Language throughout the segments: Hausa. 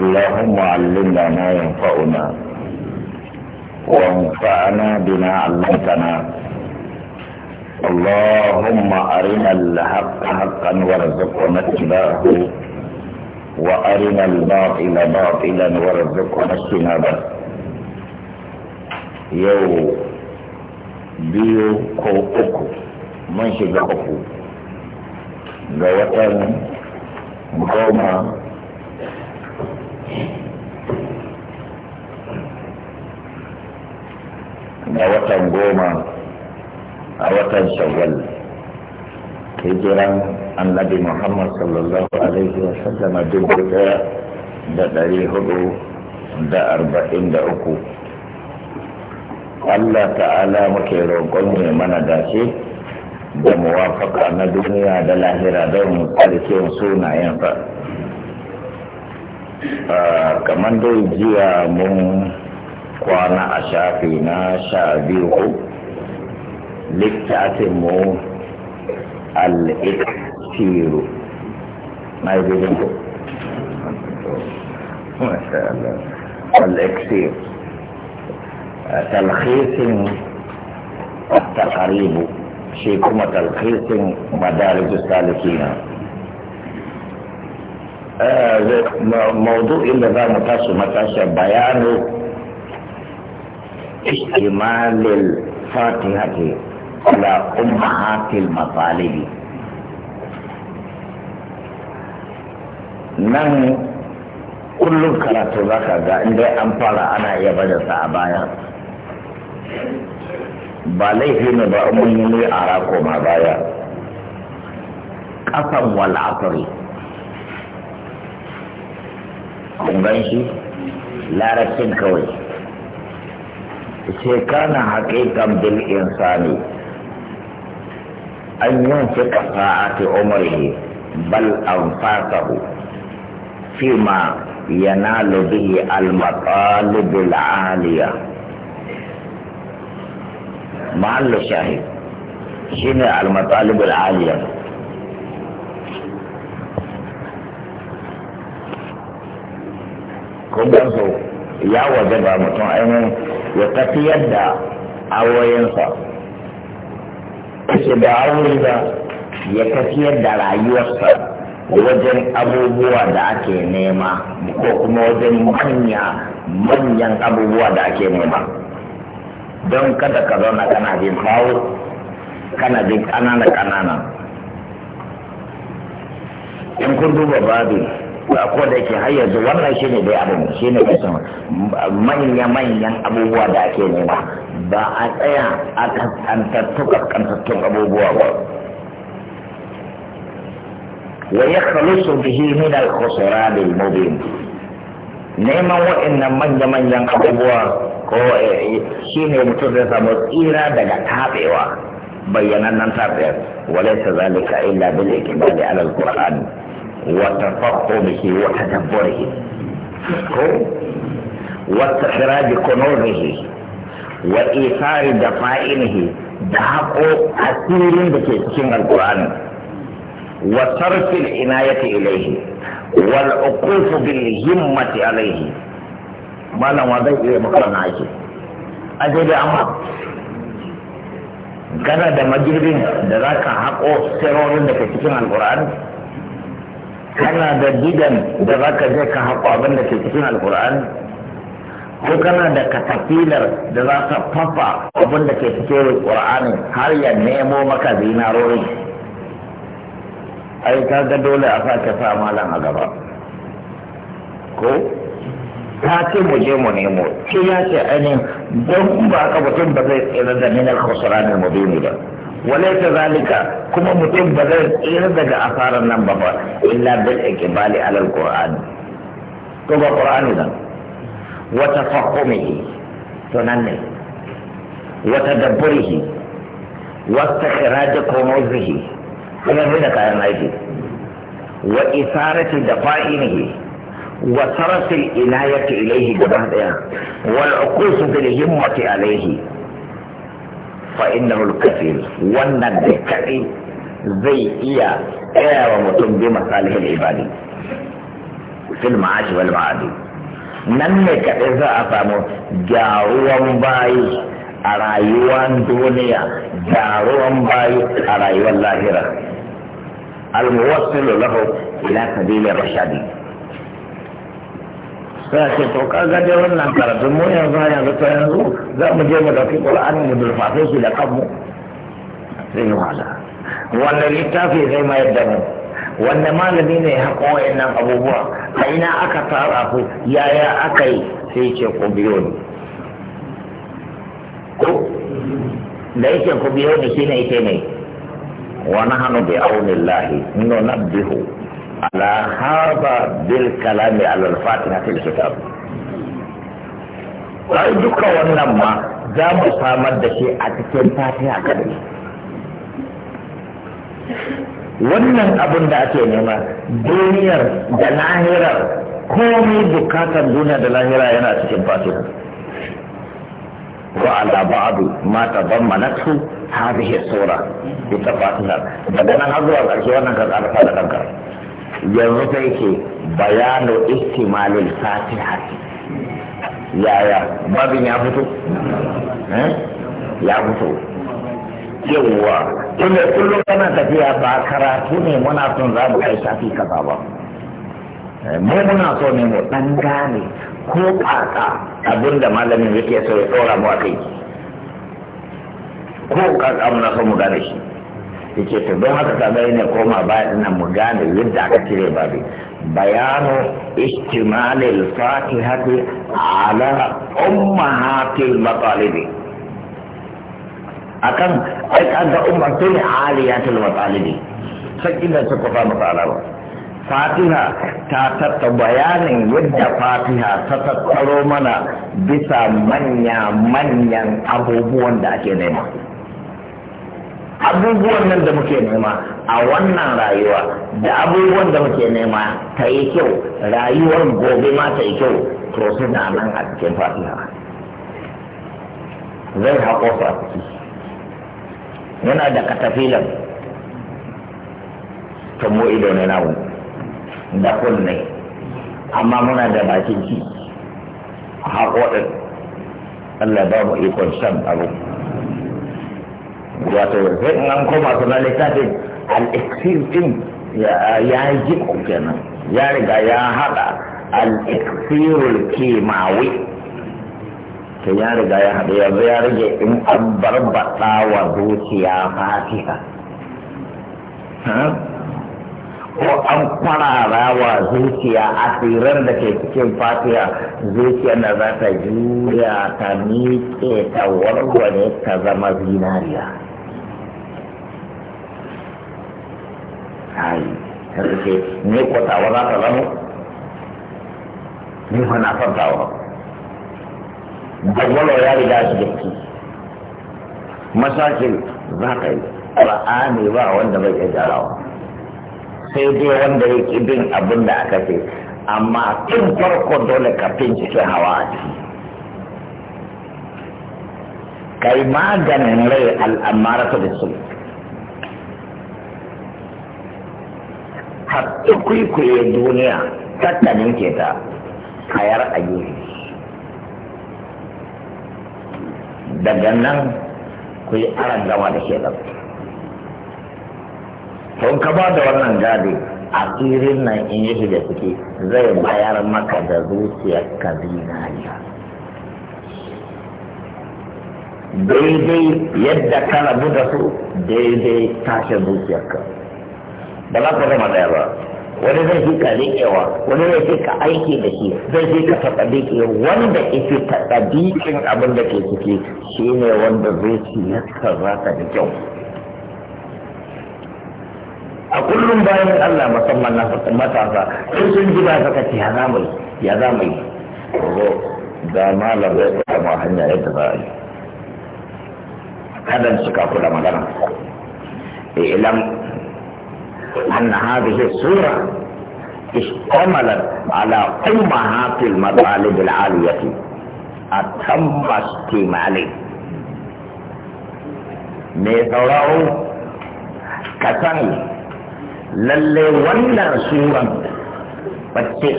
اللهم علمنا ما ينفعنا وانفعنا بما علمتنا اللهم أرنا الحق حقا وارزقنا اتباعه وأرنا الباطل باطلا وارزقنا اجتنابه يو بيو كو اوكو من شجع أكو غوما A watan goma a watan shawwal hijiran annabi muhammad sallallahu alaihi wa sallama dubu daya da dari hudu da arba'in da uku allah ta'ala muke roƙon ne mana dace da muwafaka na duniya da lahira don mu tsarkin sunayensa Ah, kamar dai jiya mun kwana a shafi na sha biyu littafin mu al'iksiru na yi gudun ku al'iksir ah, talhisin takaribu shi kuma talhisin madarijus salikina آه، موضوع إلا ذا مكاس ومكاس بيان استعمال الفاتحة على أمهات المطالب نعم كل كرات ذاك ذا عند أمبارا أنا يبدا سابايا بالي هنا بأمي نوي أراكو مبايا قسم والعطري kun gan shi larabcin kawai ce kana haƙiƙan bil insani an yin fi ƙasa'ati umarihi bal an fasahu fi ma yana bihi al-matalibul mahallu shahid shine al-matalibul kun su ya waje ba mutum ainihin ya tafi yadda awoyinsa da aure ba ya tafi yadda rayuwarsa wajen abubuwa da ake nema ko kuma wajen manya manyan abubuwa da ake nema don kada ka zauna kana jin kawo kana jin ƙanana ƙanana in kun duba babin ko da yake har yanzu wannan shi ne dai abin shi ne kasan manya-manyan abubuwa da ake nema ba a tsaya a kaskantattu kaskantattun abubuwa ba wa ya khalisu bihi min al-khusran al-mubin neman waɗannan manya-manyan abubuwa ko eh, shi ne mutum zai samu tsira daga tabewa bayyanannen tabewa walaisa zalika illa bil ikbali ala al quran وتفقده وتدبره واستخراج كنوزه وإيثار دفائنه دهق أثير بكيسين القرآن وصرف العناية إليه والعقوف بالهمة عليه ما لما ذي مقرن عيشه أجل أمر kana da magirbin da za ka haƙo sirorin da ke cikin alƙur'ani kana da gidan da za ka je ka haƙo abin da ke cikin alkur'ani ko kana da katafilar da za ka fafa abin da ke cikin alkur'ani har ya nemo maka zinarori? ai ka ga dole a sake sa malam a gaba ko ta ce mu je mu nemo shi ya ce ainihin don ba ka mutum ba zai tsira da minar kusurani mu ba walai ta zalika kuma mutum ba zai tsira daga asarar nan ba ba illa bil ikbali alal qur'ani to ba qur'ani nan wa tafahumihi to nan ne wa tadabburihi wa istikhraj kunuzihi kuma da kayan aiki wa isarati dafa'inihi وصرف العناية إليه جبهة وعكوس بالهمة alayhi. فإنه الكثير وأن الكثير زي إيا إيا ومتم بمصالح العباد في المعاش والمعاد نن إذا أفهموا جاروا باي أرايوان دنيا جاروا باي أرايوان الله الموصل له إلى سبيل الرشادين sai ce to ka ga dai wannan karatun mu yanzu yanzu ta yanzu za mu je mu dauki ƙur'ani mu durfafe su da kanmu sai wala wannan littafi zai mayar da mu wanda malami ne ya haƙo wa'annan abubuwa a ina aka tara ku yaya aka yi sai ce ku biyo ni ko da yake ku biyo ni shine yake ne wa nahnu bi aunillahi nunabbihu على هذا بالكلام على الفاتحة في الكتاب ai duka wannan ma za mu samar da shi a cikin fatiha kadai wannan abin da ake nema duniyar da lahirar komai bukatar duniya da lahira yana cikin fatiha wa ala ba'du ma tadammanatu hadhihi sura ita fatiha daga nan har zuwa ƙarshe wannan ka tsara da kanka yanzu ta yake istimalin sati fatiha yaya babin ya fito eh? ya fito yawwa tunda kullum kana tafiya ba karatu ne muna son za mu kai shafi kaza ba eh, mu muna so ne mu dan gane ko kaka abinda malamin yake so ya tsora mu a kai ko kaka muna so mu gane shi yake to don haka kaga ne koma baya dinnan mu gane yadda aka cire ba bi. bayanu istimalil fatihati ala ummahatil matalibi akan ai kaga ne aliyatul matalibi sai da suka fara matsala ba fatiha ta tatta bayanin yadda fatiha ta tattaro mana bisa manya manyan abubuwan da ake nema abubuwan nan da muke nema a wannan rayuwa da abubuwan da muke nema ta yi kyau rayuwar gobe ma ta yi kyau to suna nan a cikin fatiha zai haƙo su a ciki yana da katafilan tamo ido ne da kunne amma muna da bakin ci haƙo ɗin Allah ba mu ikon shan abu wato sai in an koma su na littafin al din ya yi jiko kenan ya riga ya haɗa al-iksirul kimawi to ya riga ya haɗa yanzu ya rage in an barbaɗa wa zuciya fatiha ko an kwarara wa zuciya a tsirar da ke cikin Fatiha zuciya na za ta juya ta miƙe ta warware ta zama zinariya ai ta ce ne kwatawa za ka zamo ni fa na son tawa dagwalo ya riga shi da ki masakin za ka yi ne ba wanda bai iya jarawa sai dai wanda ya ki bin abin da aka ce amma tun farko dole ka bincike hawa a ciki kai maganin rai al'amara al'amaratu da sulh ka kwaikwaye duniya tattalin ke ta kayar ayyuri daga nan ku yi aran gama da ke don ka ba da wannan gadi a tsirin nan in yi shiga ciki zai bayar maka da zuciyar ka zinariya daidai yadda kana buda su daidai tashin ka. ba za ka zama daya ba wani zai fi ka riƙewa wani zai fi ka aiki da shi zai fi ka taɓaɗiƙe wanda ifi taɓaɗiƙin abin da ke ciki shi ne wanda zuciyarka za ka da kyau a kullum bayan Allah musamman na matasa sun sun ji ba saka ce ya zamu yi ya yi ko da malam zai samu hanya yadda za a yi kadan su magana eh, ilam أن هذه الصورة اشتملت على أمهات هذه المطالب العالية أتم بستيم عليه نيتراو كسن للي ولا صورة بتشيخ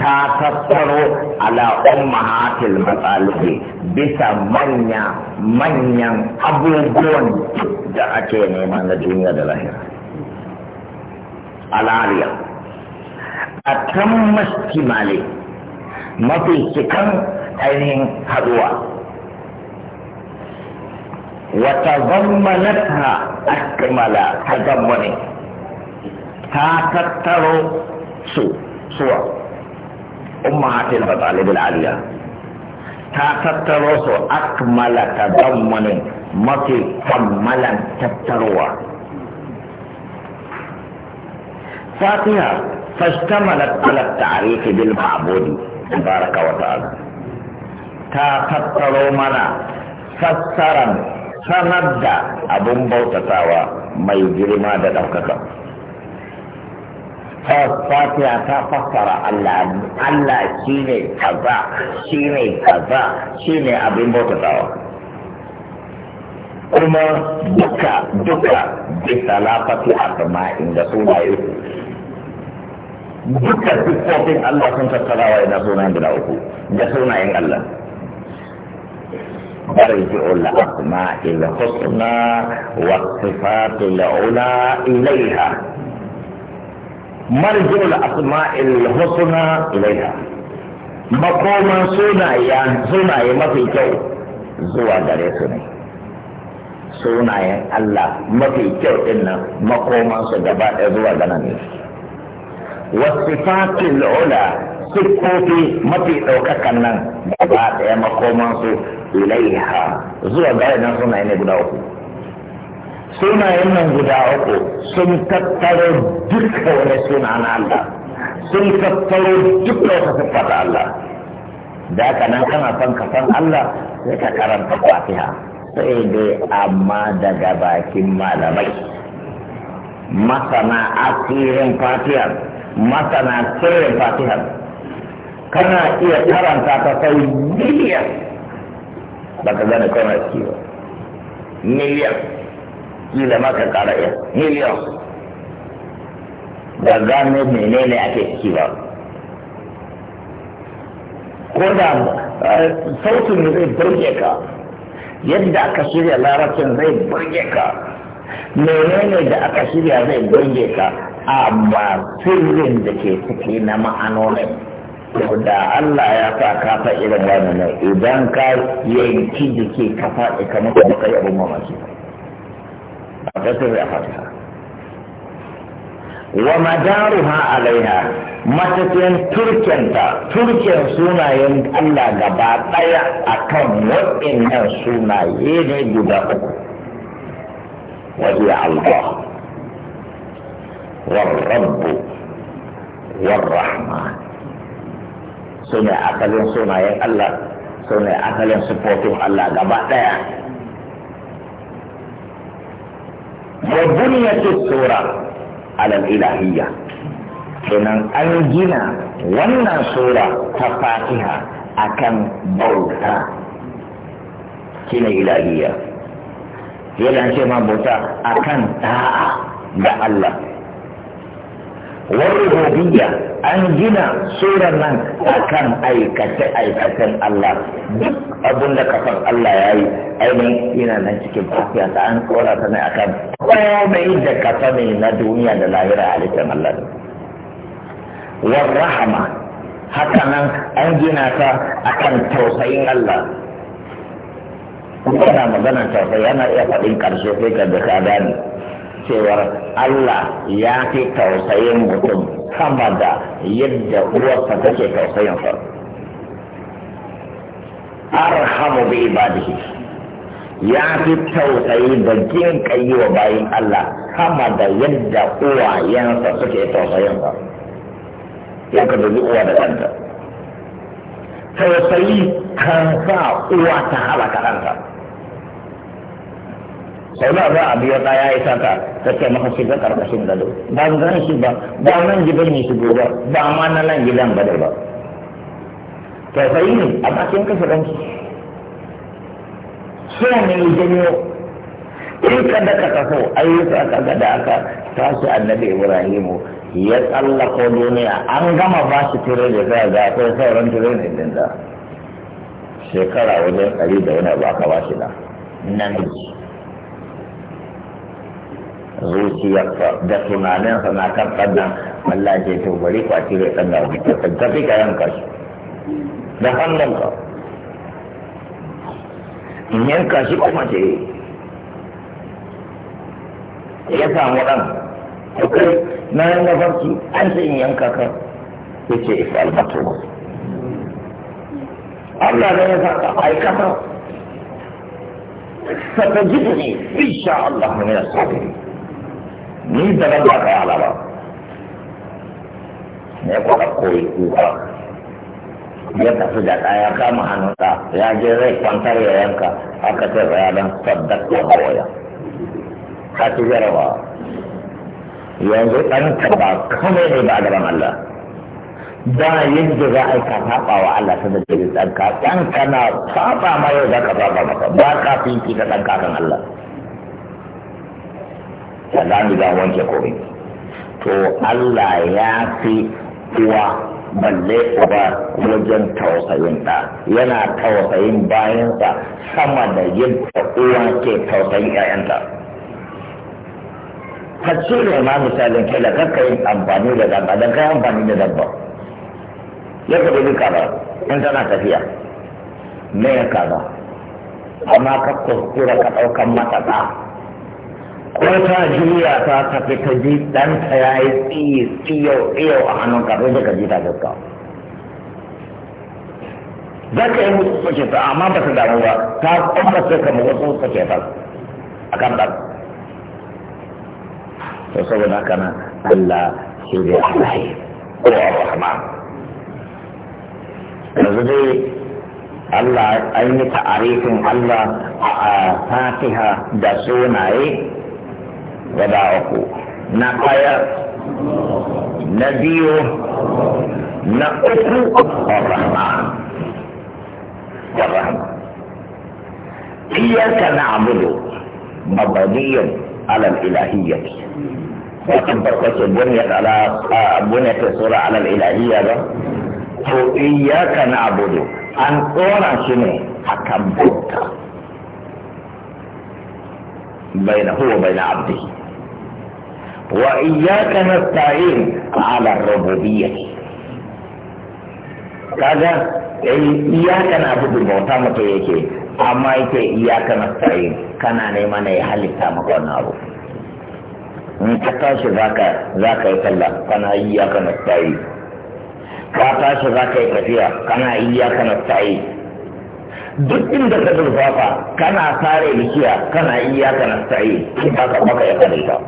ta tattaro ala ummahatil matsalihi bisa manya manyan abubuwan da ake nema na duniya da lahira alariya a kan mastimale mafi cikan ainihin haduwa wata zammanata akmala ta ta tattaro su suwa أمهات المطالب العليا تتتروس أكمل تضمن مطي كملا تتروى فاتها فاشتملت على التعريف بالمعبود تبارك وتعالى تتترو منا فسرا سند أبو بوتتاوى ما يجري ماذا دوكتاوى fatiha ta fassara Allah Allah shi ne kaza shi ne kaza shi ne abin bautatawa kuma duka duka bisa lafati a sama inda suna yi duka siffofin Allah sun tattara wa ina suna yin uku da suna sunayen Allah ترجع الأسماء الحسنى والصفات العلى إليها marjul asma'il husna ilayha makoma suna ya suna mafi kyau zuwa Allah mafi kyau dinnan makoma su gaba da zuwa gare ne wa sifatil ula sifati mafi daukakan nan gaba da makoman su ilayha zuwa gare guda uku sunayen nan guda uku sun tattaro duka wani suna na Allah sun tattaro duka wata siffar Allah da haka nan kana son ka san Allah sai ka karanta fatiha sai dai amma daga bakin malamai masana asirin Fatiha masana sirrin Fatiha kana iya karanta ta sai miliyan ba ka gane kana ciwo miliyan kila da ka kara ya miliyan da gano menene ake ciki ba ko da eh, sautin zai burge ka yadda aka shirya larabcin zai burge ka menene da aka shirya zai burge ka amma sirrin da ke ciki na ma'anonin da Allah ya sa ka fa irin wannan idan ka yanki jiki ka faɗi kamar ka kai abin mamaki بفتح فتحة ومدارها عليها matafiyan turkenta turken sunayen Allah gaba ɗaya a kan waɗannan sunaye ne guda uku wajen Allah wa warrahman su ne asalin sunayen Allah su ne asalin sufofin Allah gaba ɗaya wa buniyatu sura ala ilahiyya kenan an gina wannan sura ta fatiha akan bauta shine ilahiyya yana ce ma bauta akan ta'a ga Allah warruhubiyya an gina surar nan akan aikace-aikacen Allah duk abin da kafan Allah ya yi ainihin yana nan cikin fafiya ta an tsora ta ne akan komai da kafa ne na duniya da lahira halittar Allah warrahama haka nan an gina ta akan tausayin Allah kuma na maganar tausayi yana iya faɗin ƙarshe sai ka ga ka cewar Allah ya fi tausayin mutum sama da yadda uwarsa take tausayin sa arhamu bi ibadihi ya fi tausayi da jin kai wa bayin Allah sama da yadda uwayensa suke tausayin sa ya ka dubi uwa da ɗanta tausayi kan sa uwa ta halaka ɗanta kaula za a biyo ɗaya ya isa ka ta ce maka shiga karkashin gado ba zan shi ba ba nan gidan ne shigo ba ba ma na nan gidan ba da ba tausayi a bakin kashe ɗanki so ne janyo in ka da ka taho ayyuka ka ga da aka tashi annabi ibrahimu ya tsallako duniya an gama ba shi tire da za ga akwai sauran tire ne din da shekara wajen ɗari da wani ba ka ba shi da nan zuciyarsa da tunaninsa na kan tsannan Allah ya to bari kwaci rai tsannan wani ta tafi ka yanka shi da hannunka in yanka shi kuma ce ya samu ɗan to kai na yin farki an sai in yanka ka ya ce ifa albatu Allah ne ya saka aikata ستجدني إن شاء الله من الصابرين ni da ban ba kai alaba ne ko da koyi kuka ya tafi da kaya kama hannunsa ya je zai kwantar ya yanka aka ce ya dan saddaka hawaya ka ci yanzu ɗan ba kamar ne ba gaban Allah ba yadda za a yi ka wa Allah ta da jirin ɗanka ɗan kana saba ma yau za ka saba ba ka fi ka ɗan kakan Allah da zami za wanke komai to Allah ya fi uwa balle uba wajen tausayin ɗa yana tausayin bayansa sama da yadda uwa ke tausayin 'ya'yanta. ka cire ma misalin kai da kanka yin amfani da dabba don kai amfani da dabba ya kuɗi duka ba in tana tafiya me ya kaza amma ka kuskura ka ɗaukan mata ɗa ko ta juya ta tafi ka ji ta ya yi tsiyi tsiyau tsiyau a hannun ka da ka ji ta gaska za ka yi musu sake ta amma ba ta damu ba ta kuma sai ka mu wasu sake ta a kan ɗan to saboda haka nan Allah shi ne Allah ko rahama. yanzu dai Allah an yi ta'arifin Allah a fatiha da sunaye وداعه نقايا نبيه نقصه الرحمن الرحمن إياك نعبد مبنيا على الإلهية وقد بقت الدنيا على بنية الصورة على الإلهية ده إياك نعبد أن أورا شنو حكم بينه وبين عبده وإياك نستعين على الربوبية كذا iyaka na abu bauta mutum yake amma yake iyaka na tsaye kana nema na ya halitta maka wannan abu in ka tashi zaka zaka yi sallah kana iyaka na tsaye ka tashi zaka yi tafiya kana iyaka na tsaye duk inda ka zurfafa kana sare bishiya kana iyaka na tsaye in baka ya halitta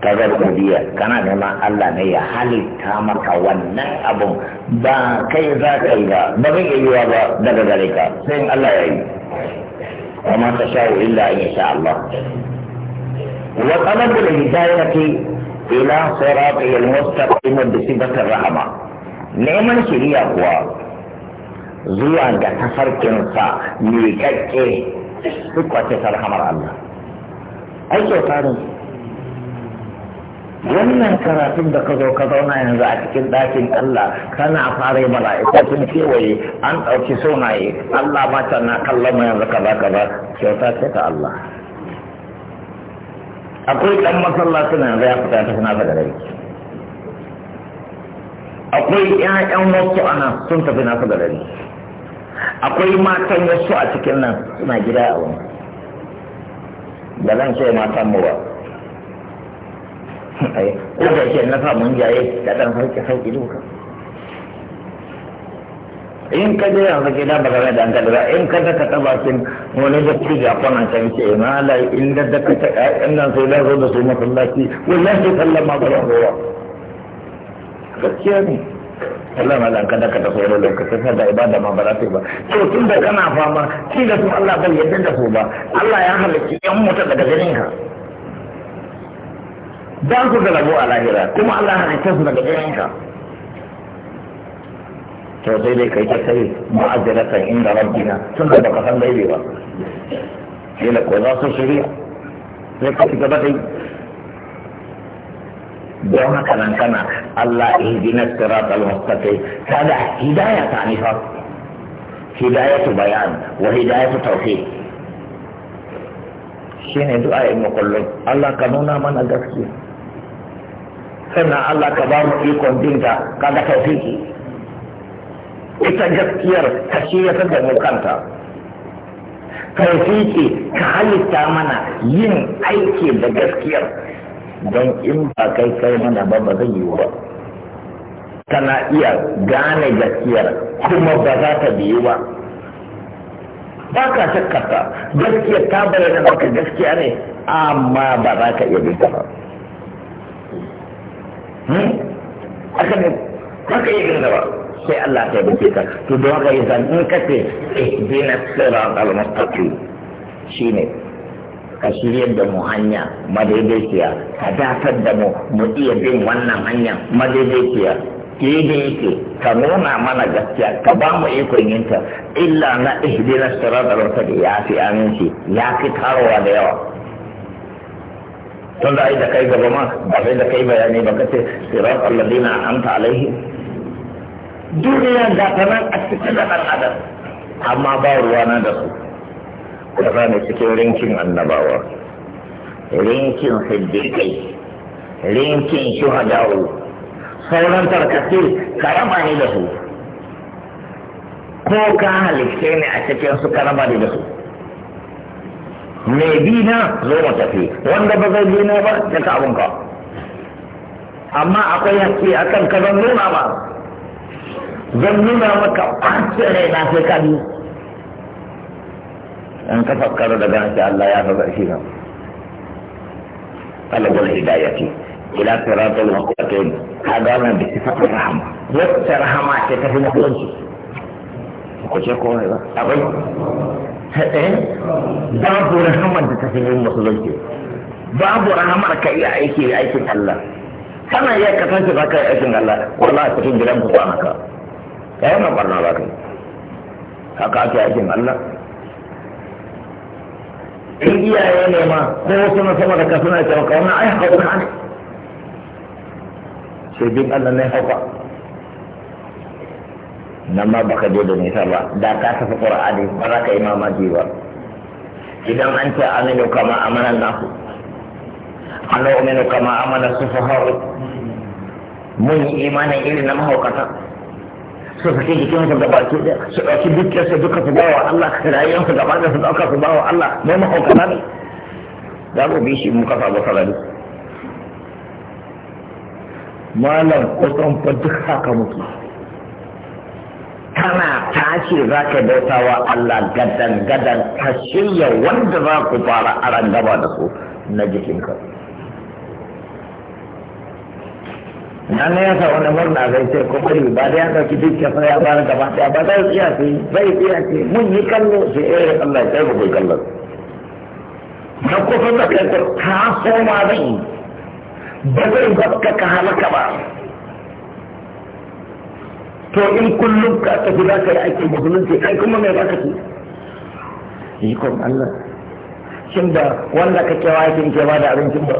kaga rububiyya kana neman Allah ne ya halitta maka wannan abun ba kai za ka yi ba ba zai iya yiwa ba daga gare ka sai Allah ya yi wa ta sha'u illa in sha Allah wa talabul hidayati ila sirati al-mustaqim bi sifatir rahma neman shiriya kuwa zuwa ga tafarkin sa miƙaƙƙe duk wace sarhamar Allah ai kyauta ne wannan karatun da ka zo ka zauna yanzu a cikin ɗakin Allah kana fara yi mala'iku sun kewaye an ɗauki sunaye Allah mata na kallon mu yanzu kaza kaza kyauta ce ta Allah akwai ɗan masallacin yanzu ya fita ta suna da rai akwai ƴaƴan wasu ana sun tafi nasu da rai akwai matan wasu a cikin nan suna gida a wani da zan ce matan mu ba ko da ke na sa mun jaye da dan harki harki in ka je yanzu gida ba game da an ba in ka zaka ta bakin wani da ci ga kwanan ka ce ma la in da ka ta ƴaƴan nan sai da zo da su masallaci wallahi sallan ma ba ruwa gaskiya ne Allah ma ka daka ta koyar lokacin sai da ibada ma ba ta yi ba to tun da kana fama tun da su Allah bai yadda da su ba Allah ya halicci yan mutu daga ganin ka dan su da rabo a lahira kuma Allah halitta su daga ɗayanka to dai dai kai ta kai mu'azzalata inda rabbina tun da ka san dai ba sai na ko su shirya sai ka shiga ba dai don haka nan kana Allah ihdina sirat al-mustaqim kada hidayah ta fa hidayah bayan wa hidayah tauhid shine du'a in kullum Allah ka nuna mana gaskiya sannan Allah ka ba mu ikon dinka kaga tawfiki ita gaskiyar ka shiyatar da mu kanta tawfiki ka halitta mana yin aiki da gaskiyar don in ba kai kai mana ba ba zai yiwu ba tana iya gane gaskiyar kuma ba za ta biyu ba ba ka shakkarta gaskiyar ta bayyana maka gaskiya ne amma ba za ka iya bin ba Hmm? haka ne haka yi gina ba sai Allah ta bace ka to don haka yi zan in kace ihdina sirat al-mustaqim shine ka shiryar da mu hanya madaidaiciya ka dafar da mu mu iya bin wannan hanya madaidaiciya daidai yake ka nuna mana gaskiya ka ba mu ikon yinta illa na ihdina sirat al-mustaqim ya fi aminci ya fi karowa da yawa don da ai da kai gaba ma ba sai da kai bayani ba kace sirat alladina amta alaihi duniya da ta nan a cikin da ɗan adam amma ba ruwa na da su kaza ne cikin rinkin annabawa rinkin siddiƙai rinkin shuhadawu sauran tarkace karama ne da su ko ka halitta ne a cikin su karama ne da su mai bi na zo mu tafi wanda ba zai bi na ba ya ka abun ka amma akwai hakki a ka zan nuna ba zan nuna maka ɓace rai na sai ka bi An ka fakkara daga shi Allah ya faɗa shi nan talabul hidayati ila siratal mustaqim kaga wannan da fata rahama wacce rahama ce ta fi mutunci ko ce ko ba Eh? babu rahamar da ta fi yin musulunci babu rahamar ka iya aiki aikin Allah kana iya kasance za ka yi aikin Allah wallahi cikin gidan ku kwana ka ya yi mabarna ba ka yi haka ake aikin Allah in iyaye ne ma ko wasu na sama da ka suna cewa kauna ai hauka ne sai bin Allah ne hauka nan ma baka je da nisa ba da ka tafi qur'ani ba za ka yi mamaki ba idan an ce aminu kama amana nasu an uminu kama amana sufaharu mun yi imanin irin na mahaukata su saki jikin su gaba ki su ɗauki dukkan su duka su bawa Allah rayuwar su gaba da su ɗauka su bawa Allah mai mahaukata ne za ku bi shi mu kafa ba sarari malam kusan fa duka ka mutu. kana tashi za ka bauta wa Allah gadan gadan ka shirya wanda za ku fara aran gaba da su na jikinka nan ne ya sa wani murna zai ce ko ni ba da ya dauki dukkan sai ya bar gaba ta ba zai iya ce zai iya ce mun yi kallo sai eh Allah ya kai ku kallo na kusa da kai ka so ma zai ba zai ba ka halaka ba to in kullum ka tafi za ka yi aikin musulunci ai kuma mai za ka ci ikon Allah shin da wanda ka kewa yake ke ba da abincin ba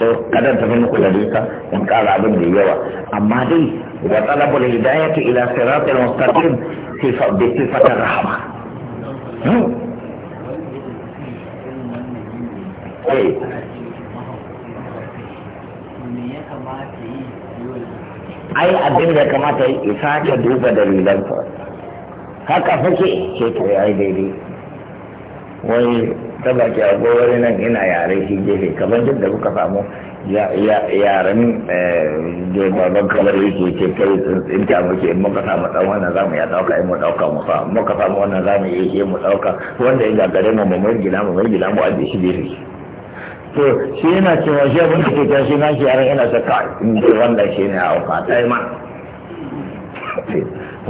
so kadan tafi muku da duka in kara abin da yawa amma dai wa talabul hidayati ila siratil mustaqim bi sifatir rahma hmm. eh ai abin da kamata ya sake duba ta haka suke ke ta ya yi daidai wai ta baki a nan ina yare shi gefe kamar duk da kuka samu yaren da eh, baban kamar yake ke kai ta muke in muka samu dan wannan za mu ya dauka in mu dauka mu fa muka samu wannan za mu iya mu dauka wanda ya gagare mu mu mai gida mu mai gida mu aje shi gefe to shi yana cewa shi abin da ke tashi na shi yaran yana saka in ce wannan shi ne hauka ta yi mana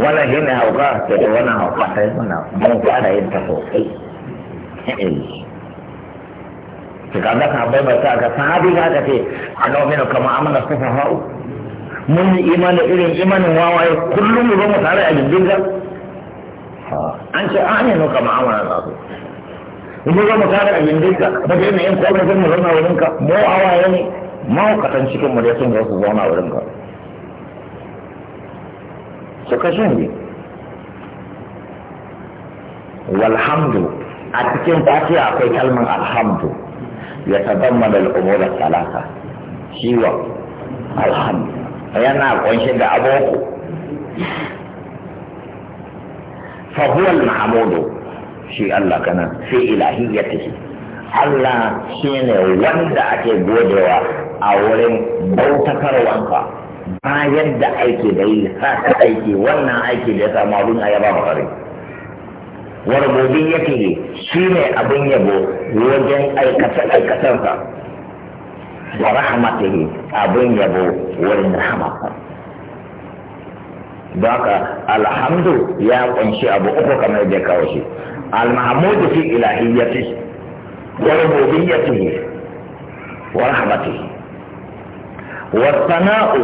wannan shi ne hauka ta yi wannan hauka ta yi mana mun fara yin ta sosai kai ka ga sahabbai ba ta ga sahabi ka ga ce a na wani kama amana sufa hau mun yi imanin irin imanin wawaye kullum mu zo mu tare a jirgin an ce an yi nuka ma'amala za su idan za mu tara abin dinka ba ga yanayin ko ba mu zauna wurin ka mu awaye ne mahaukatan cikin mu da sun ga su zauna wurin ka su ka shan walhamdu a cikin fatiha akwai kalmar alhamdu ya tazammala al'umura talata shiwa alhamdu yana kunshe da aboko fahuwal mahamudu shi Allah kana sai ilahiyyatihi Allah shine wanda ake godewa a wurin bautakarwanka bayan da aiki da yi haka aiki wannan aiki da ya samu abin a yaba makare shi ne abin yabo wajen aikace-aikacensa wa rahmatihi abin yabo wurin rahmatarsa don haka alhamdu ya kunshi abu uku kamar da kawo shi المعمود في إلهيته وربوبيته ورحمته والثناء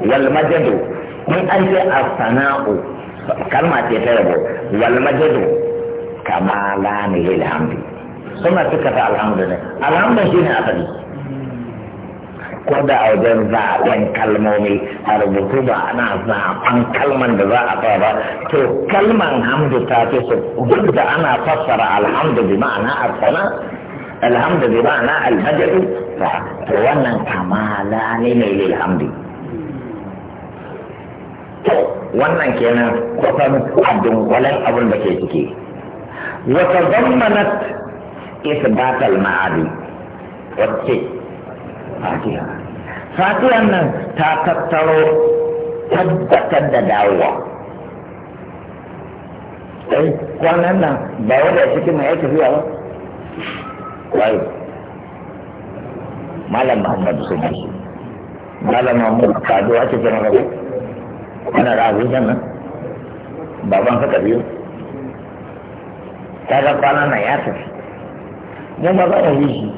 والمجد من أجل الثناء كلمة يتربو والمجد نهي الحمد ثم تكفى الحمد لله الحمد شيء أبدي ko da a wajen zaɓen kalmomi a rubutu ba ana zaɓen kalman da za a fara ba to kalman hamdu ta ce su duk da ana fassara alhamdu bi ma'ana arsana alhamdu bi ma'ana ba to wannan kamala ne mai lilhamdi to wannan kenan kusan abdunkwalen abin da ke ciki wata zammanat isbatal ma'adi wacce fatiha Fatiha nan ta tattaro tabbatar da dawowa ɗai eh, kwanan nan ba wanda ya cikin mai aiki zuwa ba wai malam muhammadu sun yi malam muhammadu kado a kira rabu ana rabu sannan baban ka biyu ta ga kwanan nan ya tafi Mun ba za mu yi shi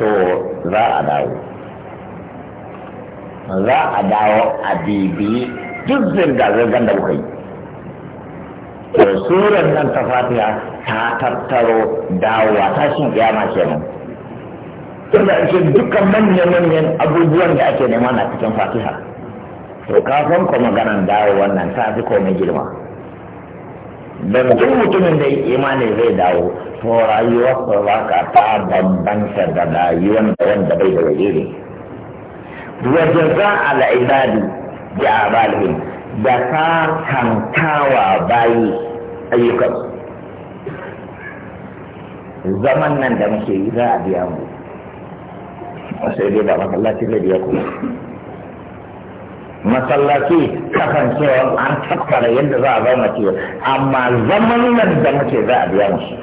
to za a dawo za a dawo a bibi duk zirga-zirgar da kuka yi to surar nan ta fatiha ta tattaro dawowa tashin kiyama kenan da ake dukkan manyan manyan abubuwan da ake nema na cikin fatiha to kafin ko maganan dawo wannan ta fi komai girma da mutum mutumin da imani zai dawo to rayuwar sa za ka ta bambanta da rayuwar da wanda bai da ne. wa jaza al ibadi bi amalihim da ta kankawa bayi ayyukan zaman nan da muke yi za a biya mu sai dai ba masallaci zai biya kuma masallaci kasancewa an tattara yadda za a zauna ciwo amma zaman nan da muke za a biya musu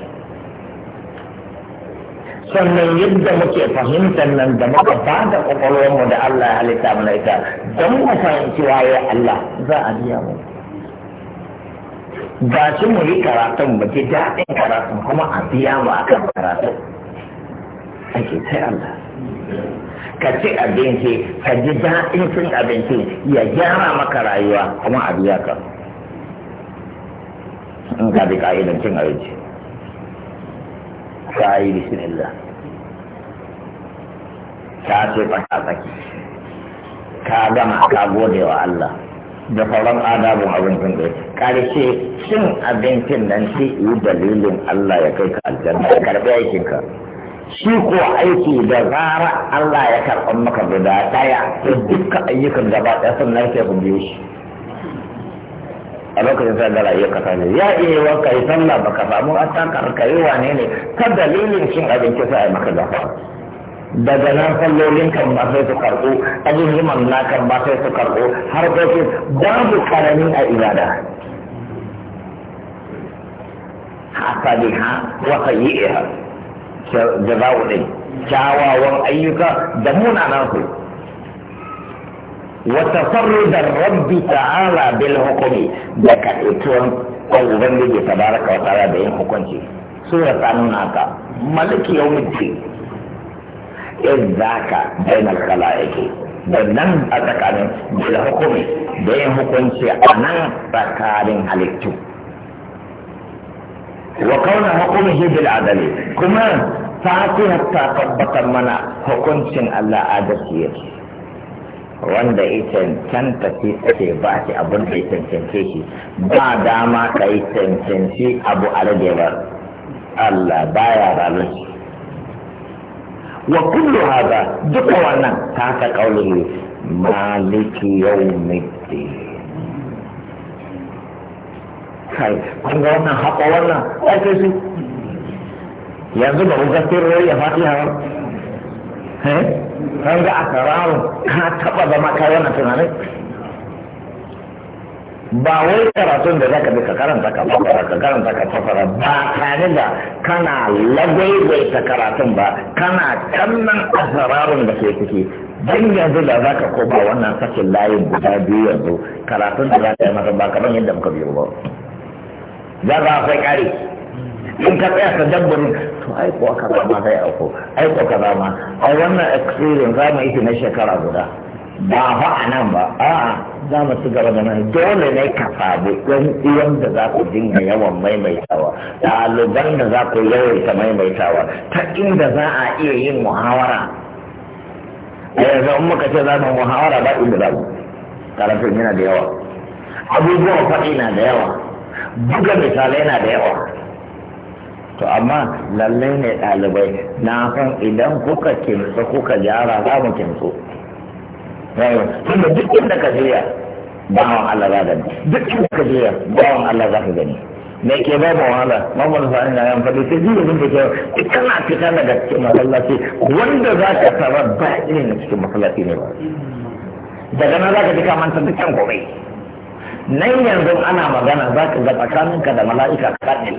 sannan yadda muke fahimtar nan da muka ba da kwakwalwarmu da Allah ya halitta mana ita don mu fahimci waye Allah za a biya mu ba shi mu yi karatun ba ji daɗin karatun kuma a biya mu akan karatun ake sai Allah ka ci abinci ka ji daɗin cin abinci ya gyara maka rayuwa kuma a biya ka in ka bi ka'idar cin abinci ka yi bismillah ka ce ba ka tsaki ka gama ka gode wa Allah da sauran adabin abincin da ce cin abincin nan ce yi dalilin Allah ya kai ka aljanna ya karɓi aikinka shi ko aiki da zara Allah ya karɓa maka guda daya da dukkan ayyukan gaba ɗaya sun nan sai ku biyo shi a lokacin sai da rayuwar kasa ne ya iya wa kai sallah baka samu a kar kai wane ne ta dalilin cin abinci sai a maka gafa daga nan sallolin kan ba sai su karɓo himan na kan ba sai su karɓo har sai babu karami a ibada hasadiha wa sayyi'iha jaza'u kyawawan ayyuka da munanan su sarri da rabbi ta'ala bil hukumi da kaɗaituwan ubangiji tabaraka wa ta'ala da yin hukunci sura ta nuna ka maliki mutu in bai bainal yake da nan a tsakanin bil hukumi da yin hukunci a nan tsakanin halittu wa kauna hukumihi bil adali kuma fatiha ta tabbatar mana hukuncin Allah adalci yake wanda ya cancanta ce ba shi abin da ya cancance shi ba dama ka yi cancanci abu a rage bar Allah baya ranar shi wa duk hada duka wannan ta ka kauli maliki yawmiddin kai an ga wannan haƙa wannan ai su yanzu ba ku gaskiyar rai ya faɗi hawa eh? an ga asararun ka taɓa zama kai wannan tunanin ba wai karatun da zaka bi ka karanta ka fafara ka karanta ka fafara ba tare da kana lagwaiwaita karatun ba kana kannan asararun da ke ciki dan yanzu da zaka ko ba wannan sakin layin guda biyu yanzu karatun da zaka yi masa ba kamar yadda muka biyo ba za ka akwai kare in ka tsaya ka dabbar to ai kuwa ka zama zai auku ai kuwa ka zama a wannan experience za mu yi na shekara guda ba fa a nan ba a'a za mu ci gaba da nan dole ne ka sabu ɗan uwan da za ku dinga yawan maimaitawa ɗaliban da za ku yawaita maimaitawa ta inda za a iya yin muhawara a yanzu in muka ce za mu muhawara ba inda za mu karatun yana da yawa abubuwan faɗi na da yawa buga misalai na da yawa to amma lallai ne ɗalibai na san idan kuka kimsu kuka gyara za mu kimsu tunda duk inda ka shirya bawan Allah za gani duk inda ka shirya bawan Allah za ka gani me ke ba mu wahala mamman sa'in na yan faɗi sai jiya zan fito ita fita daga cikin masallaci wanda za ka saba ba na cikin masallaci ne ba daga nan za ka ji ka manta dukkan komai nan yanzu ana magana za ka ga tsakaninka da mala'ika kaɗin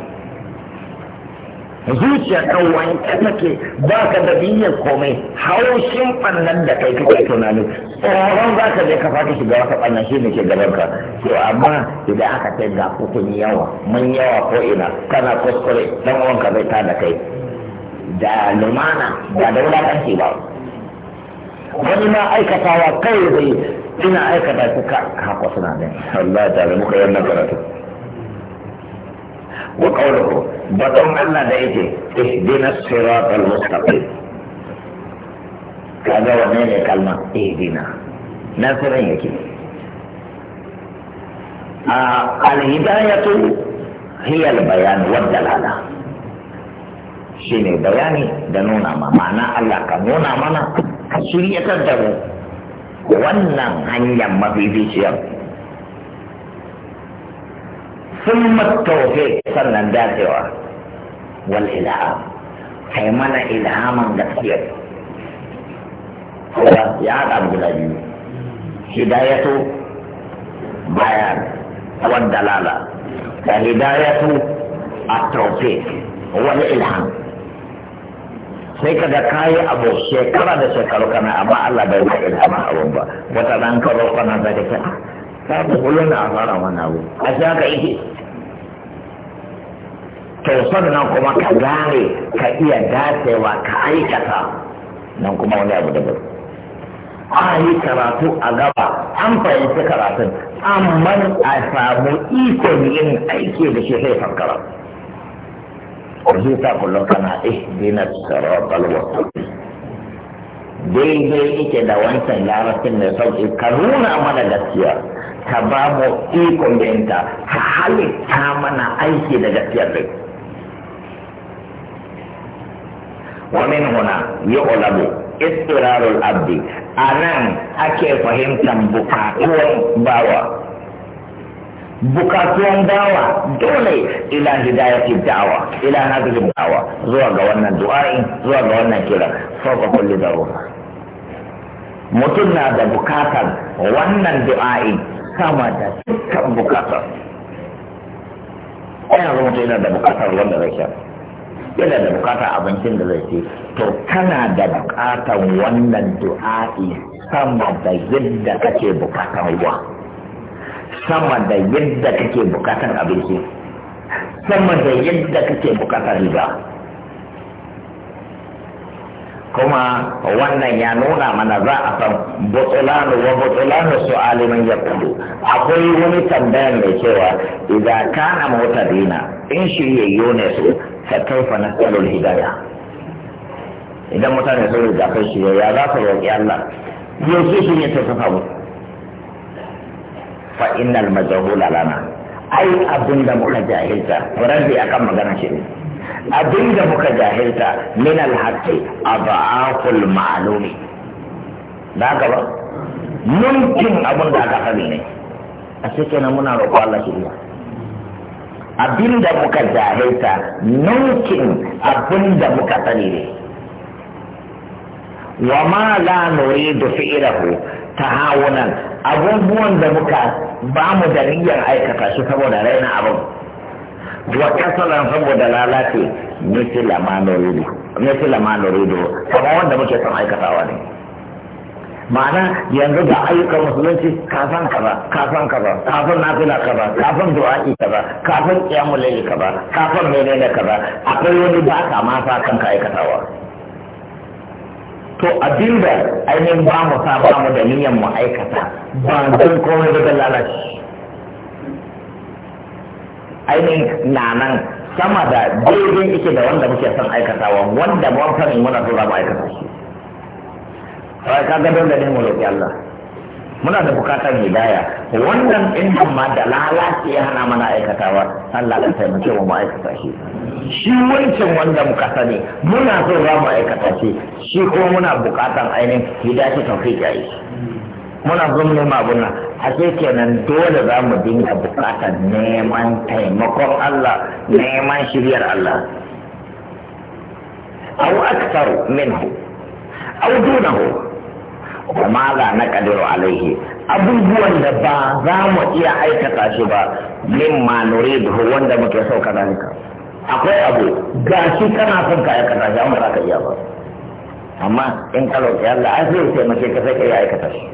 zuciya kan wanke take ba ka da biyan komai haushin ɓannan da kai kake tunanin tsoron za ka je ka fata shiga wata ɓannan shi ne ke gaban ka to amma idan aka ce ga kukun yawa mun yawa ko ina kana kuskure dan uwanka zai da kai da lumana ba da wulaƙanci ba wani ma aikatawa kai zai ina aikata su ka haka suna ne Allah ta tare muka yanna karatu wa qawluhu batun Allah da yake ihdina siratal mustaqim kaga wannan ne kalma ihdina na sirrin yake الهداية هي البيان والدلالة bayani da دنونا Ma'ana Allah ka nuna mana. ka shiryatar da mu wannan hanyar mafi mafificiyar sun matauke sannan dacewa wal ilham kai mana ilhaman da ya haɗa guda biyu hidayatu bayan wadda lala da hidayatu a tauke wal ilham sai ka ga kayi abu shekara da shekaru kana amma Allah bai ba ina ma abun ba wata ran ka roƙa na da kake ah ta da kullun a fara wannan abu a sai ka yi to sannan kuma ka gane ka iya dacewa ka aikata nan kuma wani abu daban a yi karatu a gaba an fahimci karatun amma a samu ikon yin aiki da shi sai fankara. ọdún ta kọlọ kana ehidin na sọrọ balùwà déédéé ike da wọn sàn yára sí ndé sọ ké kanúnà mana gàtìyà kababu iko mbenta hali tama na aiki daga tiyarri wamin huna yi olabu istirarul abdi anan ake fahimtar bukatuwan bawa bukatuwan dawa dole ila hidayati dawa, ila hadhihi dawa zuwa ga wannan du'a'in zuwa ga wannan kira fawqa kulli darura mutum na da bukatar wannan du'a'in sama da dukkan bukatar yanzu mutum yana da bukatar wanda zai sha yana da bukatar abincin da zai ci to kana da bukatar wannan du'a'i sama da yadda kake bukatar ruwa sama da yadda kake bukatar abinci sama da yadda kake bukatar riga kuma wannan ya nuna mana za a san botsolano wa botsolano su aliman ya kudu akwai wani tambayar mai cewa idan kana mota dina in shi yi ne su ka kaifa nasalul hidaya idan mutane sun riga kai shi ya za su roƙi Allah yau shi ne ta kafa fa innal majhula lana ai abinda muka jahilta burabi akan magana shi ne abinda muka jahilta min alhaqi aba'ul ma'lumi da ka ba mumkin abin da aka sani ne a cikin muna roƙo Allah abin da muka jahilta mumkin abinda muka sani ne wa ma la nuridu fi'lahu tahawunan abubuwan da muka ba mu da niyyar aikata su saboda raina abin wa kasalan saboda lalace misila ma nurido kama wanda muke son aikatawa ne ma'ana yanzu ga ayyukan musulunci kafin kaza kafin kaza kafin nafila kaza kafin du'a'i kaza kafin kiyamu layl kaza kafin menene kaza akwai wani ba ka ma sa kanka aikatawa to da ainihin ba mu sa ba mu da niyan mu aikata ba don komai da lalace ainihin na nan sama da daidai ike da wanda muke son aikatawa wanda wani sanin muna so za mu aikata shi. Ka ga dole ne mu roƙi Allah. muna da bukatar hidaya wannan ɗin ma da lalace ya hana mana aikatawa Allah ka taimake mu aikata shi shi wancan wanda muka sani muna so za mu aikata shi shi kuma muna bukatar ainihin hidaya ta tawfiq ya yi muna so mu nema abun nan a ce kenan dole za mu dinga bukatar neman taimakon Allah neman shiryar Allah au aktaru minhu au dunahu da maza na kadiru alaihi abubuwan da ba za mu iya aikata shi ba min ma nuridu wanda muke so ka akwai abu ga shi kana son ka aikata shi amma za ka iya ba amma in ka roƙi Allah ai zai taimake ka sai ka iya aikata shi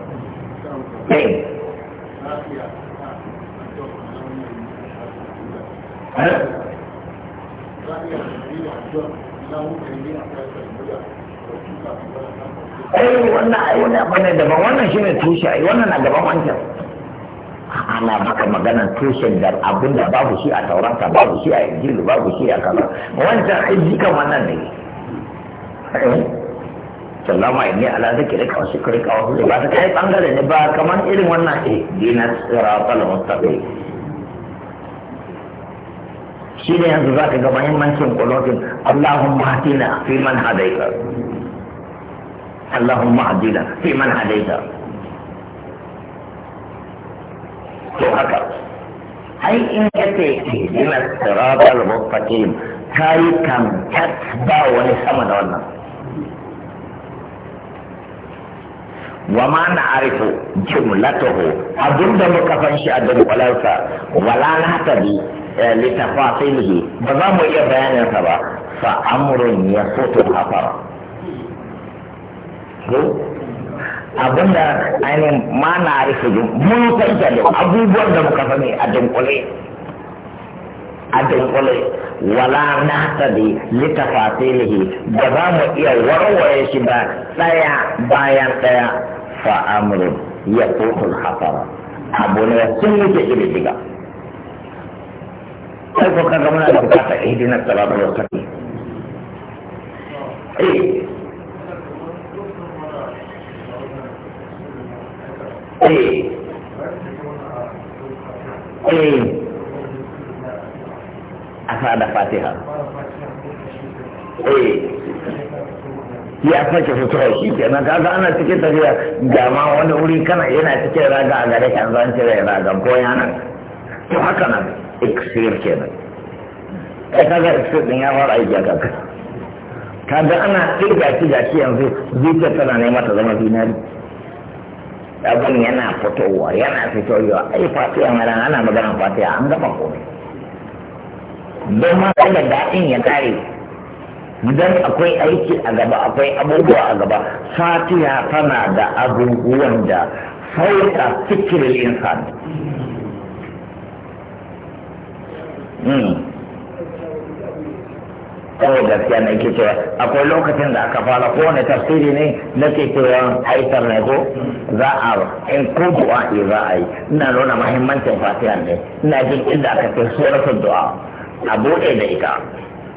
Thank eh. you. Eh? ai wannan ai wani abu ne daban wannan shine tushe ai wannan na gaban wancan ana maka magana tushen da abin da babu shi a tauranka babu shi a injilu babu shi a kaza wancan ai jikan wannan ne eh? sallama inni ala zikrika wa shukrika wa husni ba ta kai bangare ne ba kamar irin wannan eh dinas siratal mustaqim shine yanzu zaka ga muhimmancin kulotin Allahumma hadina fi man hadaika اللهم عدلا في من عليك هاي انجتي من الصراط المستقيم هاي كم تتبع ولسمد وما نعرف جملته أظن دمك فانشي أدن قلوك ولا نهتدي آه، لتفاصيله بظام إيه بيان فأمر يسوط حفره abin da ainihin ma na rike jin mun da abubuwan da muka sani a dunkule a dunkule wala na tadi litafasilihi da za mu iya warware shi ba tsaya bayan tsaya fa amru ya tuhul hasara abu ne sun yake ƙididdiga sai ko kaga muna da bukatar eh eh a fada fatiha eh ya sake fitowa shi kenan kaga ana cikin tafiya ga ma wani wuri kana yana cikin raga a gare kan zan cire ragan ko yanan to haka nan extreme kenan kai kaga extreme din ya fara aiki a kanka kaga ana kirga shi gashi yanzu zuciya tana neman ta zama zinari abin yana fitowa yana fitowa ai fatiha maran ana magana a an gama komai don ma daɗin ya kare idan akwai aiki a gaba akwai abubuwa a gaba fatiya tana da abubuwan da fauka fikirin insan hmm. kawai gaskiya na ke cewa akwai lokacin da aka fara kowane tafsiri ne na ke cewa haifar ne ko za a in ko du'a ne za a yi ina nuna mahimmancin fatiha ne ina jin inda aka ce suratul du'a a buɗe da ita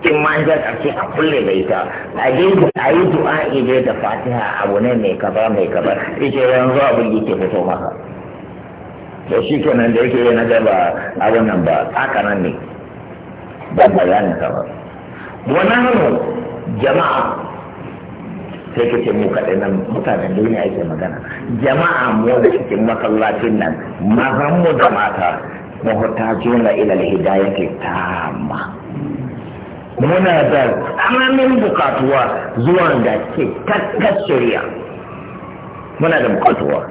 in ma jar a a kulle da ita a dai a yi du'a ne da fatiha abu ne mai kaza mai kaza ita yanzu abin da ke fito maka da shi kenan da yake yana da ba abun nan ba haka nan ne ba bayanin ونحن jama'a sai ka ce mu kaɗai nan mutanen duniya ake magana jama'a mu da cikin masallacin nan mazan mu da mata muhtajuna ila ke tamma muna da tsananin bukatuwa zuwa ga cikakkar shari'a muna da bukatuwa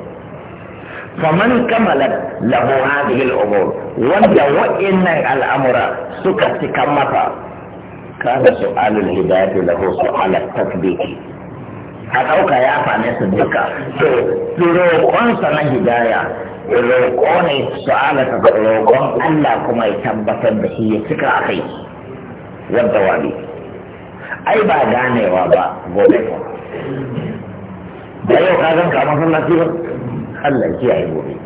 faman kamalar lahu hadhihi al-umur wanda wa'annan al'amura suka cika masa su كان سؤال الهداية له سؤال التثبيت a ɗauka ya fane su duka to roƙonsa sana hidaya su Ala ta da roƙon Allah kuma ya tabbatar da shi ya cika a kai wanda wani ai ba ganewa ba gobe ba yau ka zan ka masallaci ba Allah ya kiyaye gobe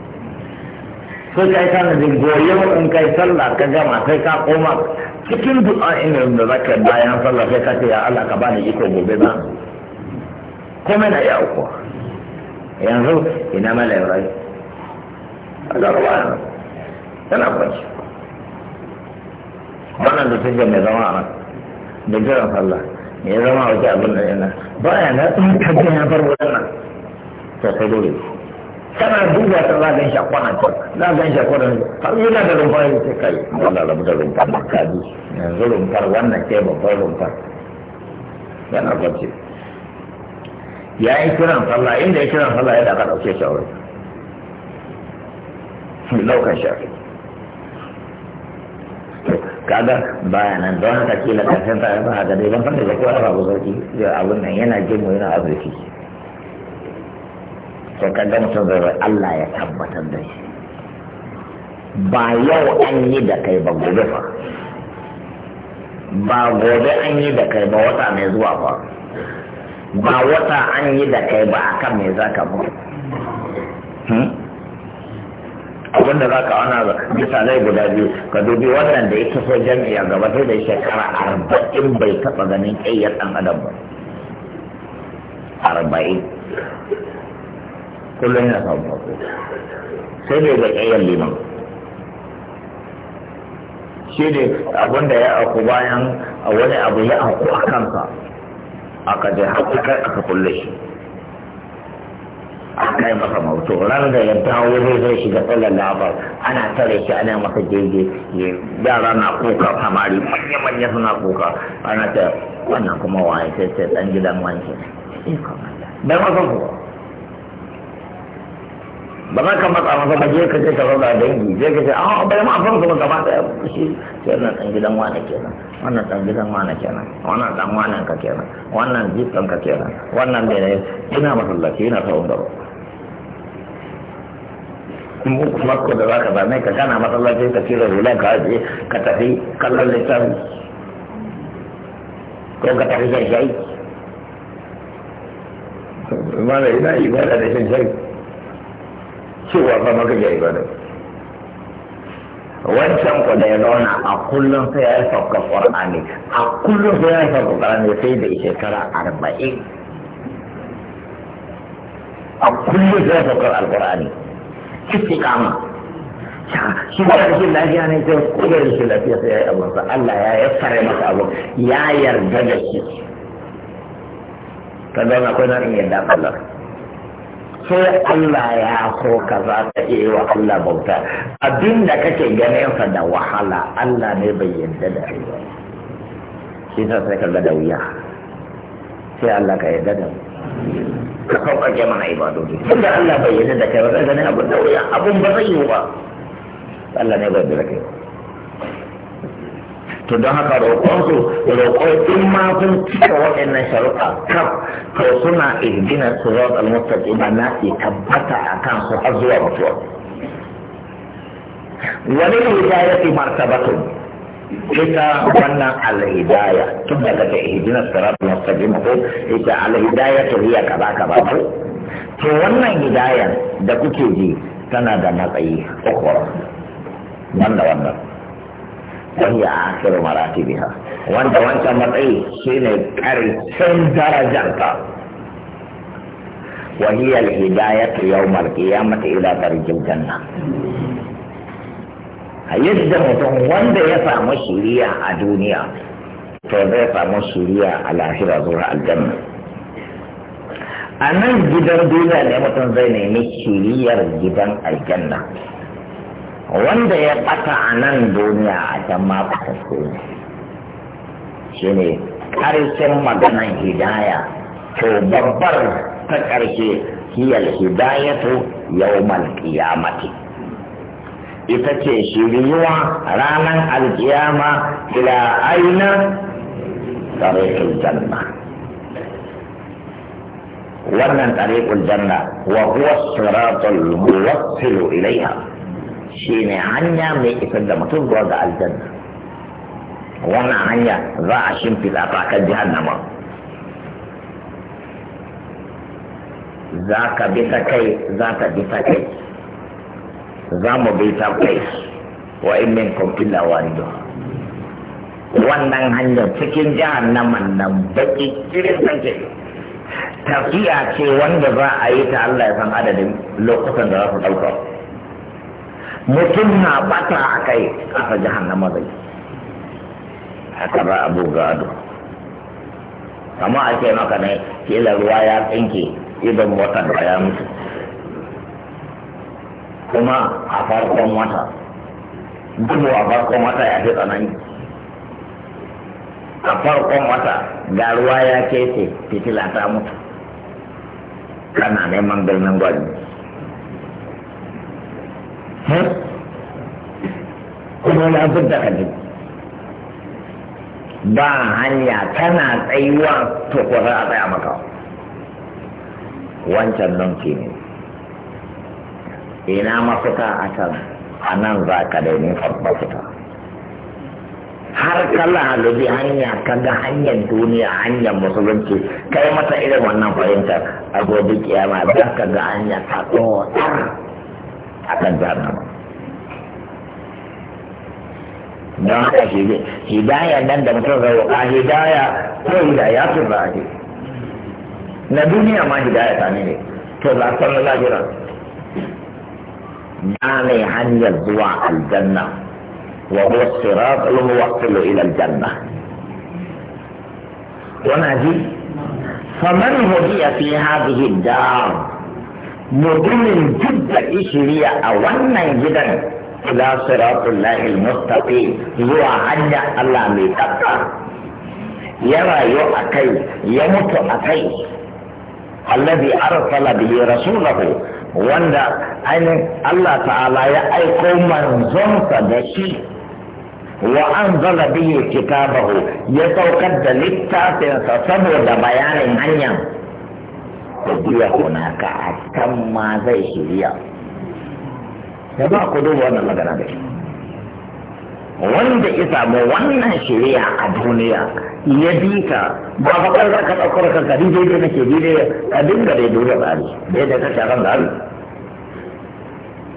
sai kai ka na jin goyo in kai sallah ka gama sai ka koma cikin du'a ina da zaka bayan sallah sai ka ce ya Allah ka bani iko gobe ba komai na ya uku yanzu ina mala yaurai a garuwa yana kwanci wannan da take mai zama a da jiran sallah mai zama a wajen abin da yana ba baya na tsohon kabin ya farko nan to sai dole kana duba ta za gan shakwa a can za gan shakwa da har yana da rumfa yi ce kai Allah rabu da rumfa na kaji yanzu rumfar wannan ke babbar rumfar yana kwanci ya yi kiran sallah inda ya kiran sallah ya daga ɗauke shi aure laukan shafi kaga baya nan don haka kila kafin ta ba a gade ban san da kowa da ba sarki abun nan yana jin mu yana arziki sai ka gama sun zai Allah ya tabbatar da shi ba yau an yi da kai ba gobe fa ba gobe an yi da kai ba wata mai zuwa ba ba wata an yi da kai ba a kan me za ka ba hmm? abinda za ka ana ba misalai guda biyu ka dubi wannan da ya taso jami'a gaba sai da shekara arba'in bai taɓa ganin ƙayyar ɗan adam ba arba'in kullum yana samun farko sai dai zaƙayyar liman shi ne abin da ya aku bayan a wani abu ya aku a kansa aka je haƙiƙar aka kulle shi a kai masa mawuto ran da ya dawo zai zai shiga tsallar labar ana tare shi ana masa jeje yara na kuka samari manya-manya suna kuka ana ta wannan kuma waye sai sai dan gidan wanke ne don wasan kuwa ba za ka matsa masa ba je ka je ka zauna dangi je ka ce a ah, bai ma afan kuma gaba daya shi wannan dan gidan wani kenan wannan dan gidan wani kenan wannan dan wani ka kenan wannan jikan ka kenan wannan bai ina masallaci ina sa'un gaba mu kuma ko da zaka zame ka kana masallaci ka cire hulan ka je ka tafi kallon littafi ko ka tafi shan shayi ma da ina ibada da shan shayi cewa fa maka ya ibada wancan ku da ya zauna a kullum sai ya yi sauka ƙwar'ani a kullum sai ya yi sauka ƙwar'ani sai da shekara arba'in a kullum sai ya sauka alƙwar'ani ciki kama shi ba da shi lafiya ne sai ko da shi lafiya sai ya yi sa Allah ya yi yassare masa abu ya yarda da shi ka zauna akwai in yarda Allah sai Allah ya so ka za ka iya wa Allah bauta abin da kake ganin sa da wahala Allah ne bai yarda da shi ba shi sa sai ka da wuya sai Allah ka yarda da ka sauƙaƙe mana ibadodi tunda Allah bai yarda da kai ba sai ganin abin da wuya abin ba zai yi ba Allah ne bai yarda da kai to don haka roƙonsu roƙo in ma sun cika waɗannan sharuɗa kaf to suna ihdina surat al ba na ke tabbata a kan su har zuwa mutuwa wani fi martabatu ita wannan al-hidaya tun daga ta ihdina surat al-mustaqima ko ita al-hidaya ta riya kaza kaza ko to wannan hidayan da kuke ji tana da matsayi ukhra wannan wannan وهي آخر مراتبها وانت وانت مطعي حين كاري سن درجة وهي الهداية يوم القيامة إلى درج الجنة يزدر تون وانت يسا مشيرية الدنيا تضيف مشيرية على آخر ظهر الجنة أنا جدا دولة نعمة زيني مشيرية جدا الجنة wanda ya ɓata a nan duniya a can ma ɓataske shi ne ƙarshen maganan hidaya to babbar ta ƙarshe hiyar hidayatu yawmal qiyamati ita ce shiriyuwa ranar alkiyama ila aina tariqul janna wannan tariqul janna wa huwa siratul muwassilu ilaiha shi ne hanya mai isar da mutum zuwa ga aljanna wannan hanya za a shimfiɗa ta kan jihannama za ka bi ta kai za ka bi ta kai za mu bi ta kai wa in minkum illa wariduha wannan hanyar cikin jahannaman nan baki cikin sanke tafiya ce wanda za a yi ta Allah ya san adadin lokutan da za su ɗauka mutum na bata a kai kasa jahannama zai haka ba abu gado amma a ce maka ne kila ruwa ya tsinke idan wata da ya mutu kuma a farkon wata dubu a farkon wata ya fi tsanani a farkon wata ga ruwa ya kese fitila ta mutu kana neman birnin gwani kuma wani abin ka kaji ba hanya tana tsayuwa to ko za a tsaya maka wancan nan ke ne ina mafita a can a nan za ka da ne mafita har kala halibi hanya ka ga hanyar duniya hanyar musulunci kai mata irin wannan fahimtar a gobe kiyama za ka ga hanya ta tsohon a kan jahannama don haka shi ne hidaya nan da mutum zai roƙa hidaya ko hidaya sun ra'ayi na duniya ma hidaya ta ne to za san na lahira na mai hanyar zuwa aljanna wa huwa siratul muwassil ila aljanna wana ji faman hudiya fi hadhihi dar mutumin jidda ishiriya a wannan gidan ila siratul lahil mustaqim zuwa hanya Allah mai tsaka ya rayu a kai ya mutu a kai alladhi arsala bihi rasulahu wanda Allah ta'ala ya aiko manzonsa da shi wa anzala bihi kitabahu ya saukar da littafinsa saboda bayanin hanyar tafiya hunaka a can ma zai shirya da ba ku duba wannan magana da wanda ya samu wannan shirya a duniya ya bi ka ba fa kan ka ɗaukar ka ka dinga da nake bi da ka dinga dai dole ba dai da ka sharan da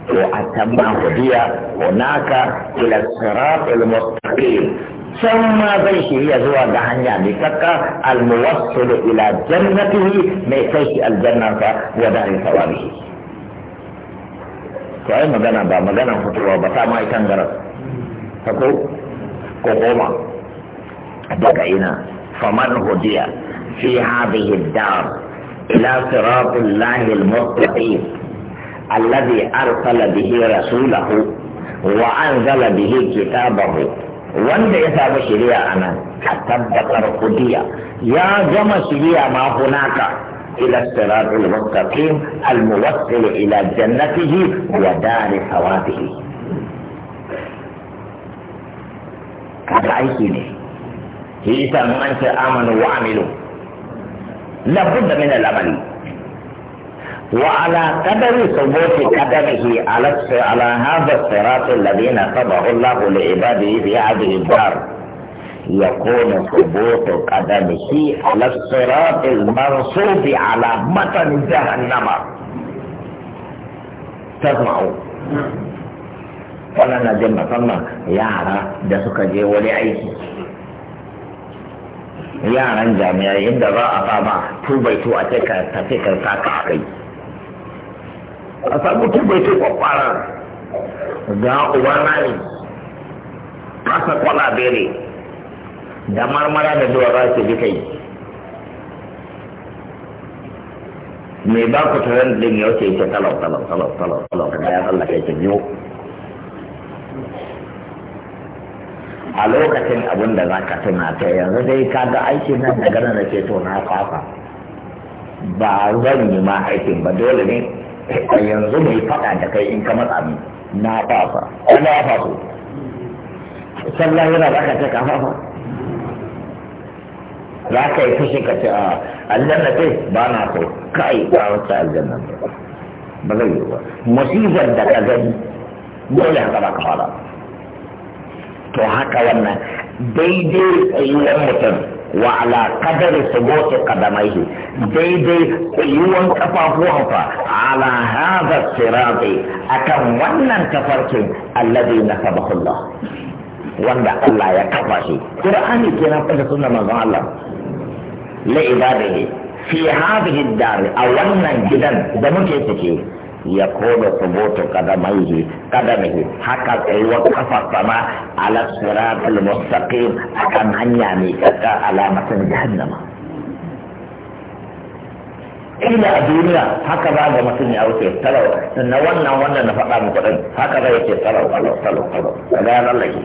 to a can ba ku biya hunaka ila sirat al-mustaqim ثم زيشه يزوى يعني بكك الموصل إلى جنته ميتيش الجنة ودار ثوابه فأي طيب، مغانا با مغانا خطوة بطا طيب، ما غرب فكو كوكوما دقائنا فمن هدي في هذه الدار إلى صراط الله المستقيم الذي أرسل به رسوله وأنزل به كتابه wanda ya samu shiriya a nan hatta bakar kudiya ya zama shari'a ma hunaka ila sirarul mustaqim al muwassil ila jannatihi wa dari sawabihi kaga aiki ne shi isa mun amanu wa amilu labudda min al amali وعلى قدر ثبوت قدمه على على هذا الصراط الذي نصبه الله لعباده في هذه الدار يكون ثبوت قدمه على الصراط المنصوب على متن جهنم تسمعوا wannan jin صلى يا da suka je wani aiki yaran jami'ai inda za a sama tubai tu a ce a samu bai ce kwakwara ga uba na ne kasa kwala bere da marmara da zuwa za su ji kai mai ba ku taron din ya wuce ce talau talau talau talau talau da ya tsallaka ya biyo a lokacin abin da za ka tuna ta yanzu dai ka ga aiki nan da gana da ke to na fafa ba zan yi ma aikin ba dole ne a yanzu mai faɗa da kai in kamar matsa min na fafa ko ya faso sallah yana za ka ce ka fafa za ka yi fushi ka ce a aljanna ce ba na so kai ba wata aljanna ba zai yi ba musibar da ka gani dole haka ba ka fara to haka wannan daidai tsayuwar mutum وعلى قدر ثبوت قدميه دي دي يوان كفافوانفا على هذا الصراط أكم ونن كفركم الذي نفبه الله وان الله يكفاه قرآني كنا قد سنة مظالم لعباده في هذه الدار أولا جدا دمك يتكيه yakunu thubutu qadamaihi qadamihi haka tsayuwar kafar sama ala siratul mustaqim akan hanya mai kaka alama alamatin jahannama ila duniya haka za ga mutum ya wuce talau na wannan wannan na faɗa muku ɗin haka za ya ce talau talau talau talau ka ga yanar lagi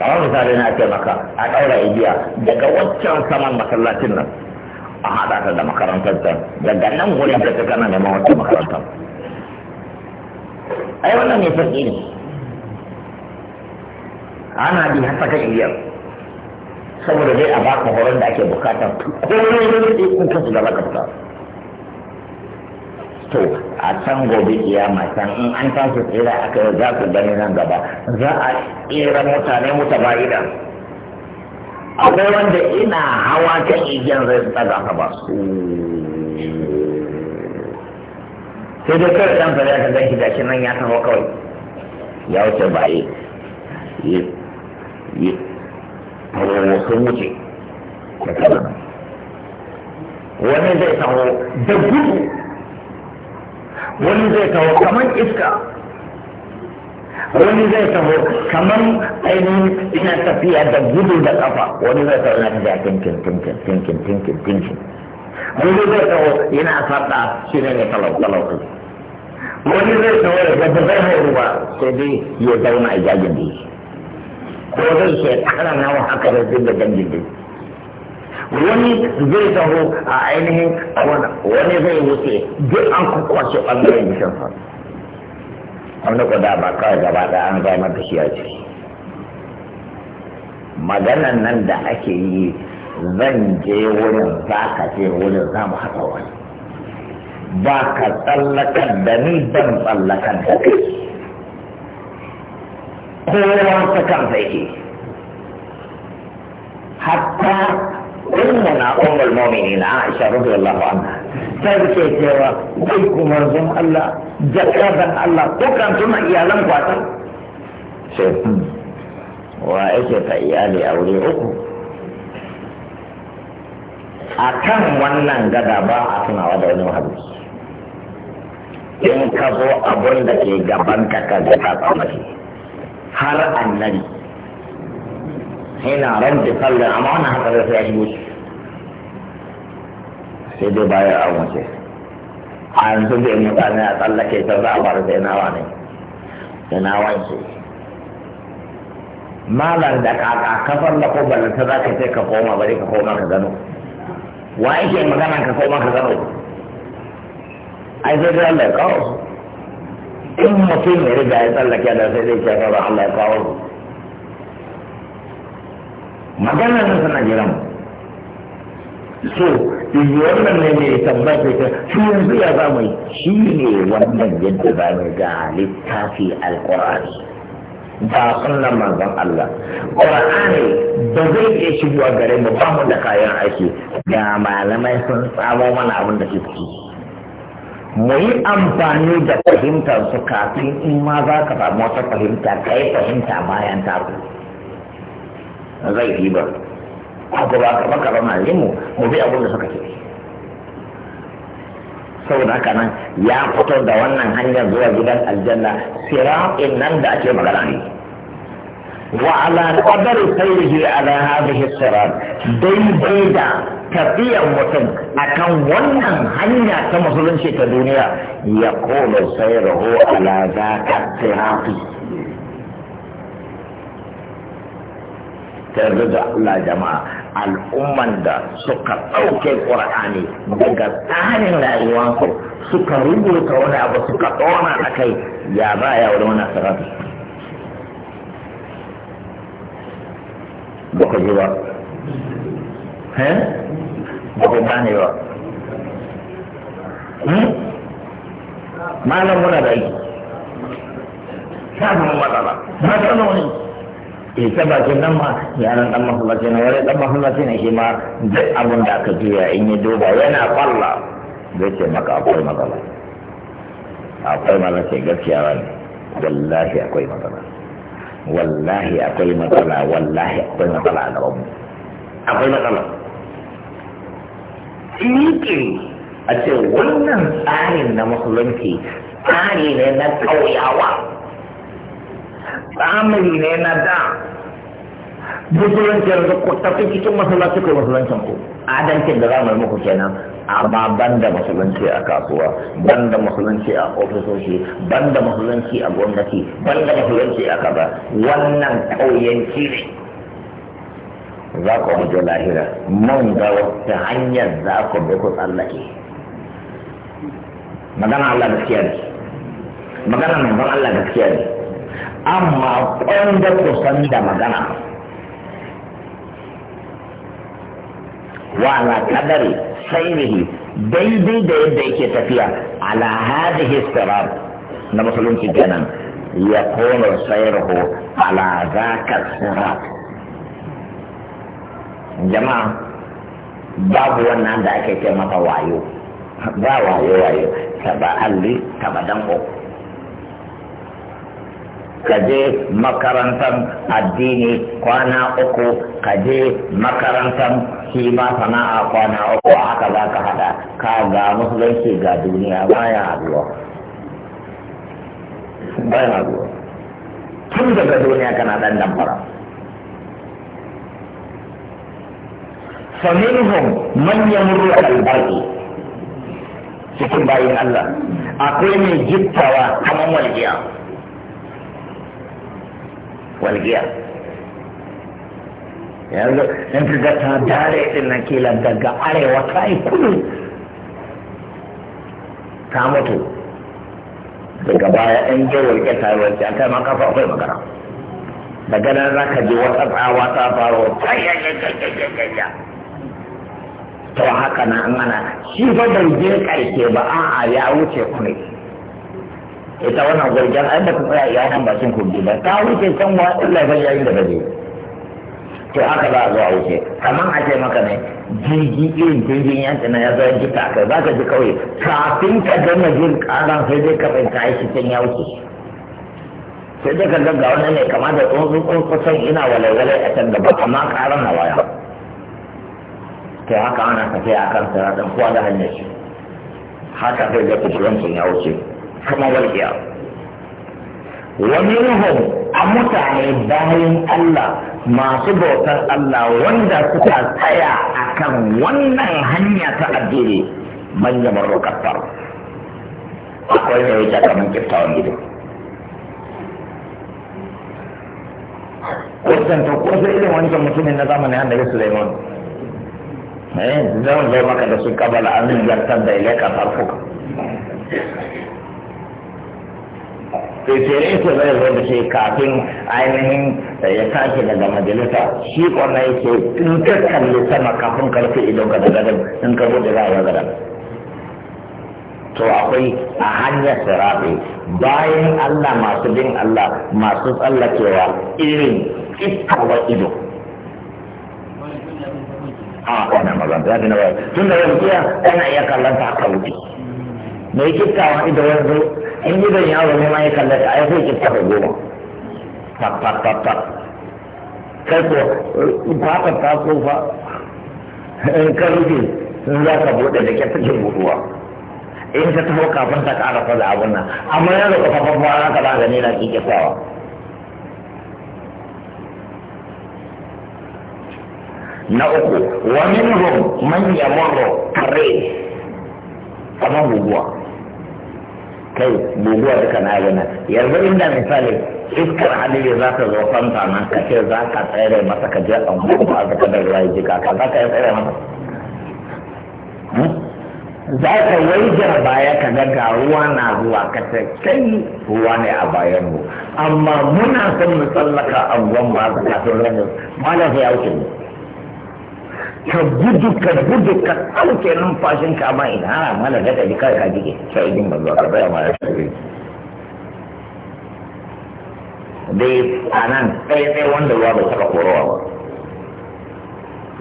kamar misali na ce maka a ɗaura igiya daga waccan saman masallacin nan a haɗa ta da makarantar ta daga nan gurin da ta kana neman wata makarantar ai wannan ne sauƙi ne ana bi har saka iya saboda dai a baka horon da ake bukata ko ne kun kasu da baka fita to a can gobe kiyama can in an tashi tsira aka za ku gani nan gaba za a tsira mutane mutaba'ida akwai wanda ina hawa kan igiyan zai daga ka ba sai dai kawai dan fara ka ganki shi nan ya taho kawai ya wuce ba yi yi hawa sun wuce wani zai taho da gudu wani zai taho kamar iska wani zai taho kamar ainihin ina tafiya da gudu da kafa wani zai taho yana tafiya tinkin tinkin tinkin tinkin tinkin wani zai taho yana sarɗa shi ne ne talau talau wani zai taho da gaba zai hau ba sai dai ya zauna a jajin da ko zai shekara nawa haka da zai da dangin da wani zai taho a ainihin wani zai wuce duk an kwakwace ɓangaren jikin sa wani kuda ba kawai gaba da an zama da shi a ciki maganan nan da ake yi zan je wurin za ka je wurin za mu haka wani ba ka tsallakar da ni ban tsallakar da kai kowa ta kansa yake hatta ummuna ummul mu'minina Aisha radiyallahu anha Sai ke cewa kai kuma zan Allah jakadan Allah ko kan tuna iyalan kwatan sai wa yake ta iyali wuri uku a kan wannan gada ba a tunawa da wani wahabi in ka zo abun da ke gaban ka ka ga ka har annabi yana ranta sallar amma wannan haka da sai ya shigo shi sai dai bayan an wace a yanzu bai mutane a tsallake ta za a bar da yana na yana wance malar da kaka kafar da ko balanta za ka sai ka koma bari ka koma ka gano wa yake magana ka koma ka gano ai sai dai Allah ya kawo in mutum ya riga ya tsallake da sai dai ya kawo Allah ya kawo maganar nan suna jiran so wannan ne mai tabbata ta shi yanzu ya za mu shi ne wannan yadda za mu ga littafi alkur'ani ba sunan manzon Allah ƙwararri ba zai iya shigowa gare mu ba mu da kayan aiki ga malamai sun tsamo mana abin da ke mu yi amfani da fahimtar su kafin in ma za ka samu wata fahimta ka yi fahimta bayan ta zai yi ba haka ba ka baka ba mu mu bi abin da suka ce sau da kanan ya fito da wannan hanyar zuwa gidan aljanna sira in nan da ake magana ne wa ala kwadar sairihi ala hafi hisara daidai da tafiyan mutum a kan wannan hanya ta musulunci ta duniya ya kowace sairahu ala za a tsirafi tare da Allah jama'a al'umman da suka ɗauke ƙur'ani daga tsarin rayuwansu suka rubuta wani abu suka ɗona a kai ya ba ya wani wani sarari Baka ji ba ba ku gane ba malam muna da yi ta zama matsala matsala wani ke eh, ta bakin nan ma yaran dan masallaci na wani dan masallaci ne shi ma duk abin da aka juya in yi duba yana falla zai ce maka akwai matsala akwai matsala ce gaskiya ba ne wallahi akwai matsala wallahi akwai matsala wallahi akwai matsala a gaban mu akwai matsala ke a ce wannan tsarin na musulunci tsari ne na kauyawa tsamari ne na da musulunci yanzu ku tafi cikin masallaci ko musulunci ku adalcin da za mu yi muku kenan amma ban da musulunci a kasuwa ban da musulunci a ofisoshi ban da musulunci a gwamnati ban da musulunci a kaza wannan ƙauyenci ne za ku hujjo lahira man ga wata hanyar za ku bi ku tsallake magana Allah gaskiya ne magana nan ban Allah gaskiya ne amma kwanda kusan da magana wa ala kadari sairihi daidai da yadda yake tafiya ala hadhihi sirat na musulunci kenan ya kona sayarho ala zaka sirat jama'a babu wannan da ake ce maka wayo ba wayo wayo taba alli taba danko ka je makarantar addini kwana uku ka je makarantar shi ma sana'a kwana uku haka za ka hada ka ga musulunci ga duniya baya haduwa baya haduwa tun daga duniya kana dan damfara فمنهم من يمر كالبرق cikin bayin Allah akwai mai jittawa kamar walƙiya walgiya yanzu in ka ga dare din na kila daga arewa ta yi kudu ta mutu daga baya ɗan je walgiya ta yi walgiya kai ma kafa akwai magana daga nan za ka je wata tsawa ta faro to haka na ana shi fa bai je ƙarshe ba a'a ya wuce kuma ita wannan gwargyan an da kuma tsaya iya nan bakin kogi ba ta wuce can wa illa ba yayin da gaje to haka za a zo a wuce kamar a ce maka ne jirgi irin jirgin yanki na ya zo ya jika kai ba ka ji kawai kafin ka gama jin karan sai dai ka fahimta yi shi can ya wuce sai dai ka ga wani ne kama da tsohon tsuntsun ina walai a can ba amma karan na waya to haka ana tafiya a kan sanadan kowa da hanyar shi haka sai da kusurin sun ya wuce kuma walƙiya wani ruhun a mutane bayan Allah masu bautar Allah wanda suka tsaya a kan wannan hanya ta addini manyan yamar rokatar akwai da wuce kamar kiftawan gidan kusan ta kusa irin wancan mutumin na zamanin annabi Sulaiman eh zan zo maka da su kabala an zartar da ilaika farfuka fefere ke zai zo da shi kafin ainihin ya sake daga majalisa shi kwana yake in ka kalli sama kafin karfe idon ka daga gadon in ka bude za a yi gadon to akwai a hanyar sirafi bayan allah masu bin allah masu tsallakewa irin iskawar ido a wannan magana ta fi na bayan tun da yanzu yana iya kallon ta haka wuce mai kiftawa ido yanzu in zan yawo ne ma ya kalla ta ai sai kitta da goma tak tak tak tak kai ko fata ta tsofa in ka rufe sun za ka buɗe da ke take buɗuwa in ka taho kafin ta ƙara faɗa abin nan amma yanzu ka fafa fara ka ba gani na kiftawa na uku wani minhum man yamurru kare kamar buguwa kai guguwa duka na gana yanzu inda misali iskar hadiri za ta zo fanta na ka ce za ka tsere masa ka je a zaka da ruwa jika ka za ka yi tsere masa hmm? za ka waijar baya ka ga ga ruwa na zuwa ka ce kai ruwa ne a bayan mu amma muna son mu tsallaka anguwan ba ka kafin ranar malam ya wuce mu ka gudu ka gudu ka ɗauke numfashin ka ma ina ana ah, mana da ka ji ka jike sai idin manzo ka bai ma sai a nan sai sai wanda ruwa bai taba korowa ba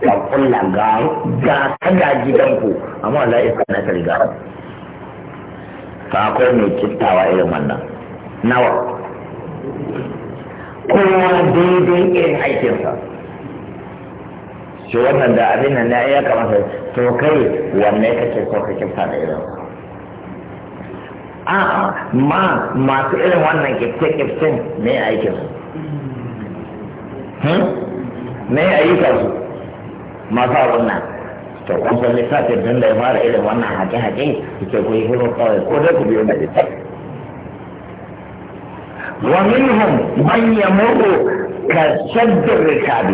ka kulla ga ga kada gidanku amma wallahi iska na ta riga ka akwai mai kittawa irin wannan nawa kowa daidai irin aikinsa ce wannan da abin nan ya iya kamata to kai wanne kake ka kake da irin a ma masu irin wannan kifce-kifcen ne aikin su ne hmm? ayyukan su masu abin nan to kun san lissafin tun da ya fara irin wannan haƙe-haƙe suke ko yi hirin kawai ko dai ku biyo da lissafin ومنهم من يمر كشد الركاب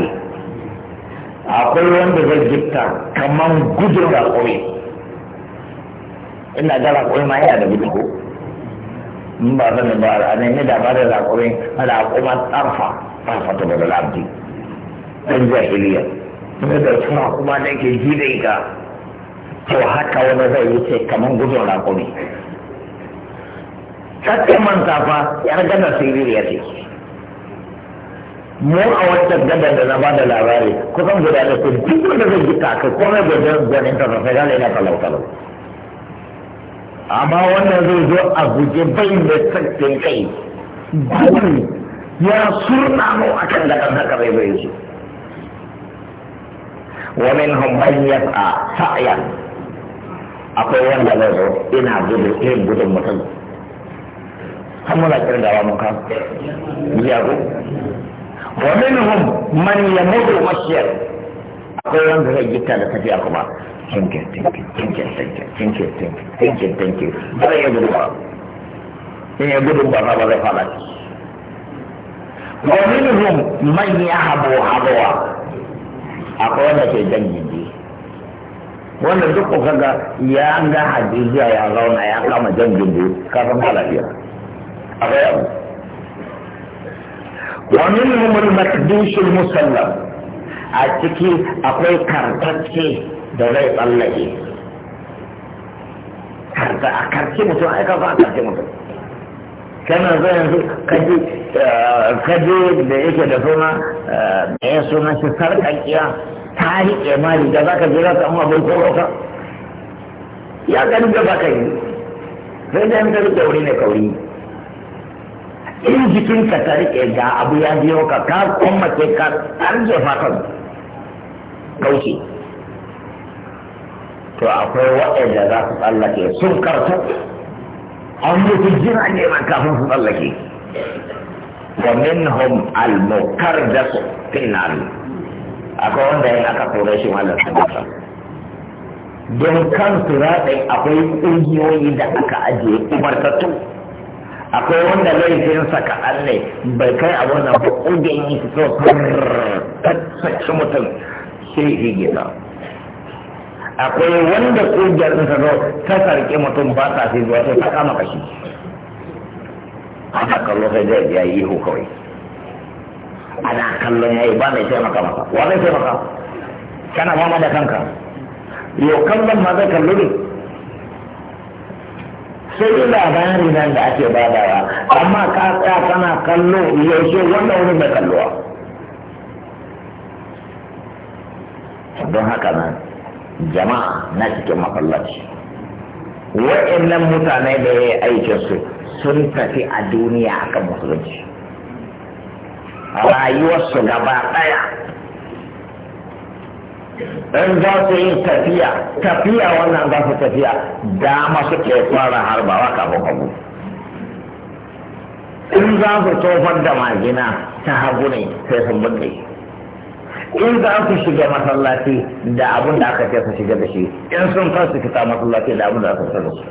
akwai wanda zai jikta kamar gudun raƙoyi ina ga raƙoyi ma yana da gudun ko in ba zan ba a ne da ba da raƙoyi ma tsarfa tsarfa ta bada labdi ɗan jahiliya kuma da suna kuma da ke ji da ita to haka wani zai ce kamar gudun raƙoyi kakkan manta fa yar gana siririya ce mu a wancan gadar da na ba da labari kusan guda da su duk wanda zai ji kaka komai gwajen gwanin ta sosai zai yana kalau-kalau amma wannan zai zo a guje bai da sassin kai gudu ya surna mu a kan da kan haka bai bai su wa min hum man sa'yan akwai wanda zai zo ina gudu irin gudun mutum har muna kiran mun kan ya wa minhum man yamudu mashiyar akwai wanda zai gita da tafiya kuma tinke tinke tinke tinke tinke tinke tinke tinkin ba zai gudu ba in ya gudu ba ba zai fada wa minhum man yahbu hawa akwai wanda ke jan gindi wanda duk ku kaga ya ga hadiza ya zauna ya kama jan gindi kafin ba lafiya akwai abu wa minhum al-makdush al-musallam a ciki akwai kartacce da zai tsallake karta a karce mutum ai kafa a karce mutum kana zai yanzu kaji da yake da suna da ya suna shi sarƙaƙiya ta riƙe ma riga za ka je za ka amma bai korota ya gani da ka yi sai da yanzu da wuri ne kauri in ka ta rike ga abu ya biyo ka ka ke ka an fatan kauce to akwai waɗanda za su tsallake sun karta an su jira neman kafin su tsallake wa minhum al-mukar da su finnari akwai wanda yana aka tura shi malar sabata don kan su akwai ƙungiyoyi da aka ajiye umartattu akwai wanda sa ka ne bai kai a wannan ba in yi so tattaki mutum sai shi gida akwai wanda ƙungiyar ɗinsa zo ta sarki mutum ba ta fi zuwa sai ta kama kashi ana kallo sai zai ya yi kawai ana kallon ya yi ba mai taimaka maka wa zai taimaka kana fama da kanka yau kallon ma zai kallo ne sai labari nan da ake badawa amma ka tsaya kana kallo yaushe wannan wani mai kalluwa. don haka nan jama'a na cikin masallaci wa'annan mutane da ya yi su sun tafi a duniya akan musulunci a rayuwarsu gaba ɗaya in za su yi tafiya tafiya wannan za su tafiya dama suke fara harbawa kafin hagu in za su tofar da magina ta hagu ne sai sun buɗe in za su shiga masallaci da abin da aka ce su shiga da shi in sun su fita masallaci da abin da aka ce su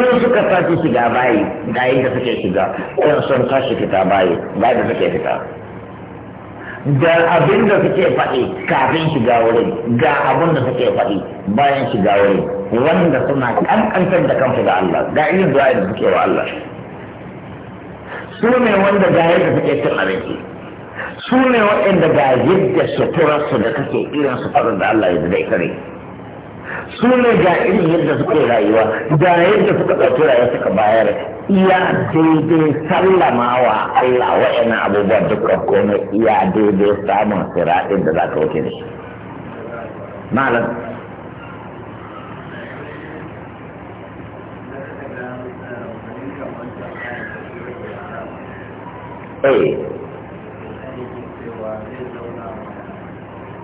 in suka tashi shiga bayi da yadda suke shiga in sun su fita bayi da yadda suke fita ga abin da suke faɗi kafin shiga wurin ga abin da suke faɗi bayan shiga wurin wanda suna kankantar da kansu da Allah ga irin du'a da suke wa Allah su ne wanda ga yadda suke cin abinci su ne waɗanda ga yadda suturarsu da kake irin su faɗin da Allah ya da ikare su ne ga irin yadda suka yi rayuwa da yadda suka ɗauki rayuwa suka bayar iya daidai sallamawa Allah wa'annan abubuwa dukkan komai iya daidai samun siraɗin da za ka wuce da shi malam Eh.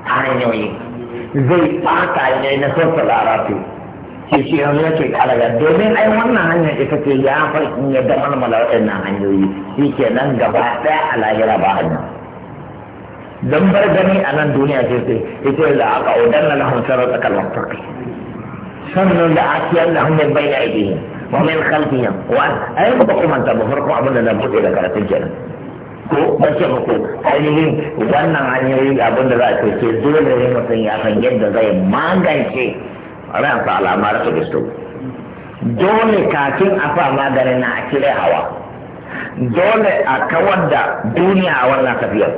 Hanyoyi. zai fata ne na sassa larabci shi shi yanzu yake kalaga domin ai wannan hanyar ita ce ya farkin ya da mana malmala waɗannan hanyoyi shi ke nan gaba ɗaya a lahira ba hanya don bar gani a nan duniya ce ce ita da aka odanna lahun sarar tsakar mafarki sannan da akiyar da hanyar bayyana idihim wa min khalfihim wa ai ba kuma ta ba farko abin da na buɗe da karatun kenan ko bace ko ainihin wannan hanyoyi abin da za a ce dole ne mutum ya san yadda zai magance ransa alamar su da dole kafin a fa maganin na a kire hawa dole a kawar da duniya a wannan tafiyar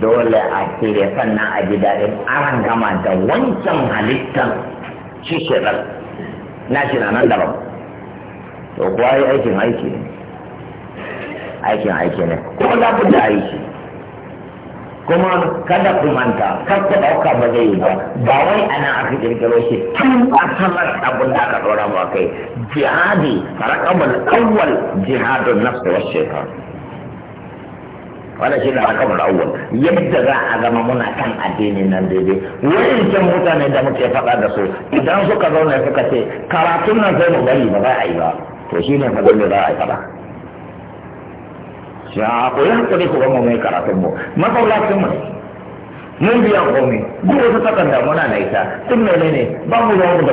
dole a cire sannan a ji daɗin an gama da wancan halittar shi shirar na shi na nan daban to kuwa yi aikin aiki ne aikin aiki ne kuma za ku da aiki kuma kada ku manta kar ku ɗauka ba zai yi ba ba wai ana aka kirkiro shi tun asalar abin da aka ɗora ba kai jihadi rakamul awwal jihadun nafsu wa shaitan wannan shi ne rakamul awwal yadda za a zama muna kan addini nan daidai wayancan mutane da muke faɗa da su idan suka zauna suka ce karatun nan sai mu bari ba za a yi ba to shi ne fa dole za a yi faɗa shi a koyi hankali ku gama mai karatun mu masallacin mu mun biya komai duk wata takarda muna na ita tun mene ne ba mu zama da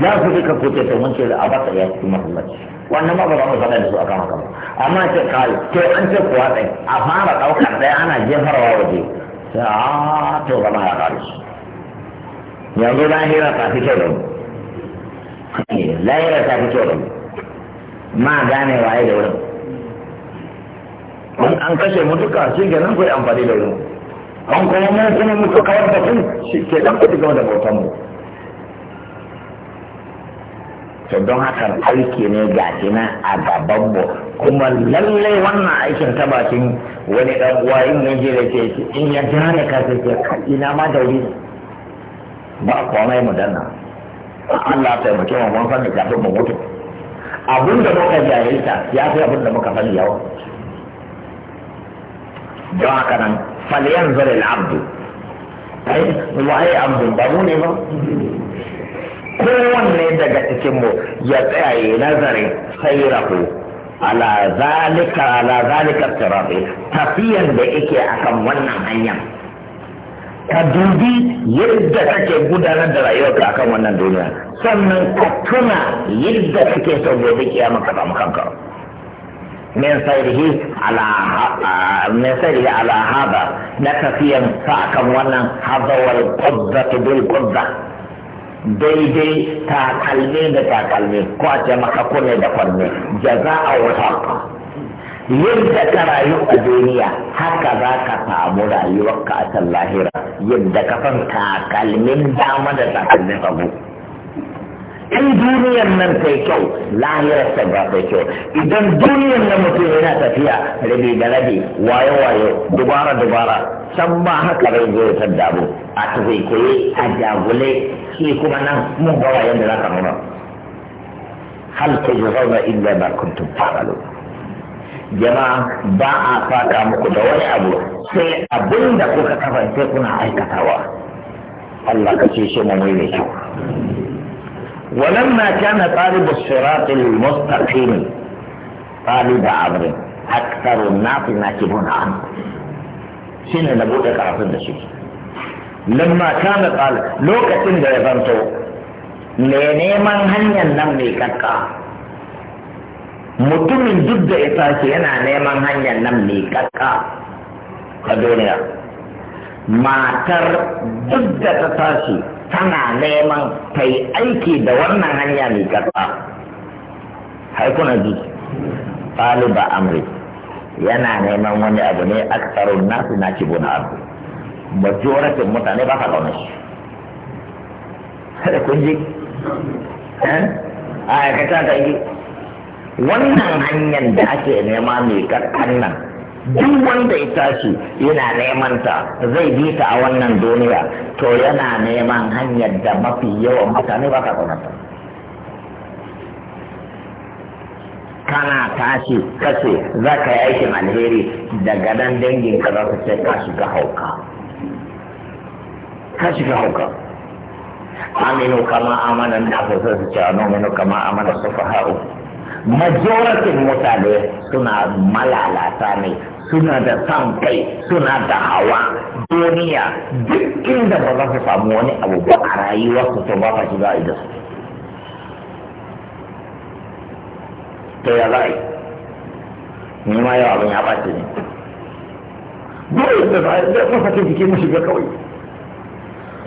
ya su duka ko ce to mun ce da abata ya ci ma akan haka ba amma to an ce kuwa ɗai a fara ɗaukar ɗaya ana jefarwa waje sai a to gama ya kare su yanzu lahira ta ma gane waye da wurin an kashe mutuka shi nan kai amfani da ruwa an kuma mun kuma muka kawar da kun shi ke dan kudi ga da bautan mu to don haka aiki ne ga kina a gaban mu kuma lalle wannan aikin ta bakin wani dan uwa in mun je da ke in ya ne ka sai ka ina ma da wuri ba komai mu danna Allah ta mutum mun san kafin mu mutu abinda muka jahilta ya fi abinda muka sani yawa don haka nan falyan zare al'abdu ai wa ai abdu ba mu ne ba kowanne daga cikin mu ya tsaya yi nazarin sayrahu ala zalika ala zalika tirafi tafiyan da yake akan wannan hanyar ka dubi yadda kake gudanar da rayuwarka akan wannan duniya sannan ka tuna yadda kake son gobe kiyama ka samu kanka min sairihi ala min sairihi ala na tafiyan sa akan wannan hazawar kudda ta bil kudda daidai takalmi da takalmi ko a maka kone da kunne jaza'a wa saqa yadda ka rayu a duniya haka za ka samu rayuwarka a can lahira yadda ka san takalmin dama da takalmin abu in duniyar nan ta yi kyau lahirar ta ba ta kyau idan duniyar nan mutum yana tafiya rabi da rabe wayo wayo dubara dubara can ba haka rai zai ta damu a koyi a jagule shi kuma nan mun ga wayan da za ka nuna hal ta zauna illa ba kuntun fa'alu jama'a ba a fata muku da wani abu sai abin da kuka kafa sai kuna aikatawa Allah ka ce shi mu mai kyau ولما كان طالب الصراط المستقيم طالب عبر أكثر الناس ناكبون عنه سنة نقول إقرافين ده لما كان قال لو كتن ده يبنتو من هنيا نمي كاكا mutumin duk da ita ce yana neman hanyar nan mai kakka a duniya matar duk da ta tashi tana neman ta yi aiki da wannan hanya mai karfa haikuna ji ba amri yana neman wani abu ne tsaron nasu na kibo bona abu majoratin mutane ba ka kauna shi sai kun ji eh? a aikata ta yi wannan hanyar da ake nema mai karkan nan duk wanda ya tashi yana neman ta zai bi ta a wannan duniya to yana neman hanyar da mafi yawan mutane ba ka ta. kana tashi kace za ka yi aikin alheri daga nan dangin ka za ka ce ka shiga hauka ka shiga hauka aminu kama amana na aka sai su ce aminu kama amanan sufaha'u majoritin mutane suna malalata ne suna da san kai suna da hawa duniya duk inda ba za su samu wani abu ba a su to ba ka shiga a idan to ya za a yi ni ma yau abin ya ɓace ne dole da za a yi zai sake cikin jikin shiga kawai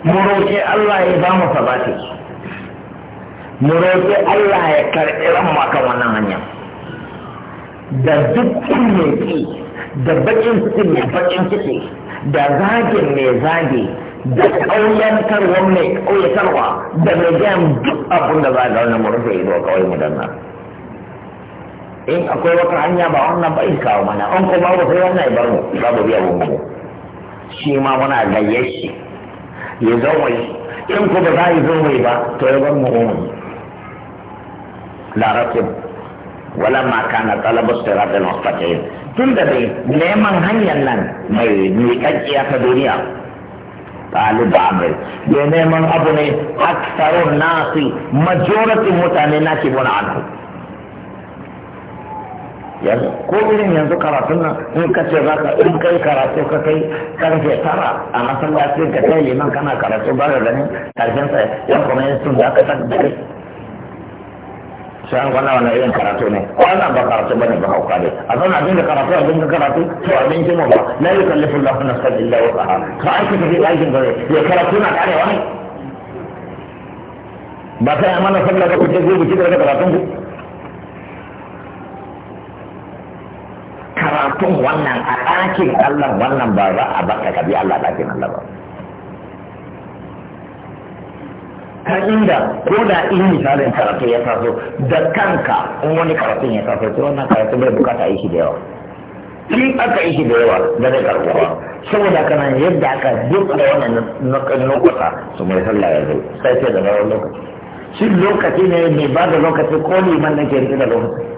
mu roƙe Allah ya ba mu sabati mu roƙe Allah ya karɓi ran makan wannan hanya da duk mai ƙi da bakin ciki mai bakin ciki da zagin mai zagi da ƙauyantarwa mai ƙauyatarwa da mai gayan duk abin da za a wani mu rufe ido kawai mu danna in akwai wata hanya ba wannan ba in kawo mana an kuma ba sai wannan ya bar mu babu biya mu shi ma muna gayyar shi ya zama in ku ba za a yi zama ba to ya bar mu umuni larabcin ولما كان طلب الصراط المستقيم tun da dai neman hanyar nan mai miƙaƙƙiya ta duniya ɗaliba mai ya neman abu ne aksarun nasi majoratin mutane na ke muna anhu yanzu ko irin yanzu karatun nan in ka ce za ka in kai karatu ka kai karfe tara a masallaci ka kai liman kana karatu ba da ganin karshen sa kuma yin sun da aka san da kai sai an kwana wani irin karatu ne wannan ba karatu bane ba hauka ne a zan abin da karatu abin da karatu to abin kima ba la yukallifu Allahu nafsan illa wusaha ka aiki da fi aikin gare ya karatu na karewa ne ba sai yi mana sallar da kuke gobe ki daga karatun ku karatun wannan a ɗakin Allah wannan ba za a baka ka bi Allah ɗakin Allah ba ta inda ko da in misalin karatu ya taso da kanka in wani karatun ya taso to wannan karatu bai bukata aiki da yawa in aka yi shi da yawa da zai karbuwa saboda kana yadda aka duk da wannan nukuta su mai sallah ya zo sai ce da rawar lokaci shi lokaci ne mai ba da lokaci ko liman na ke rike da lokaci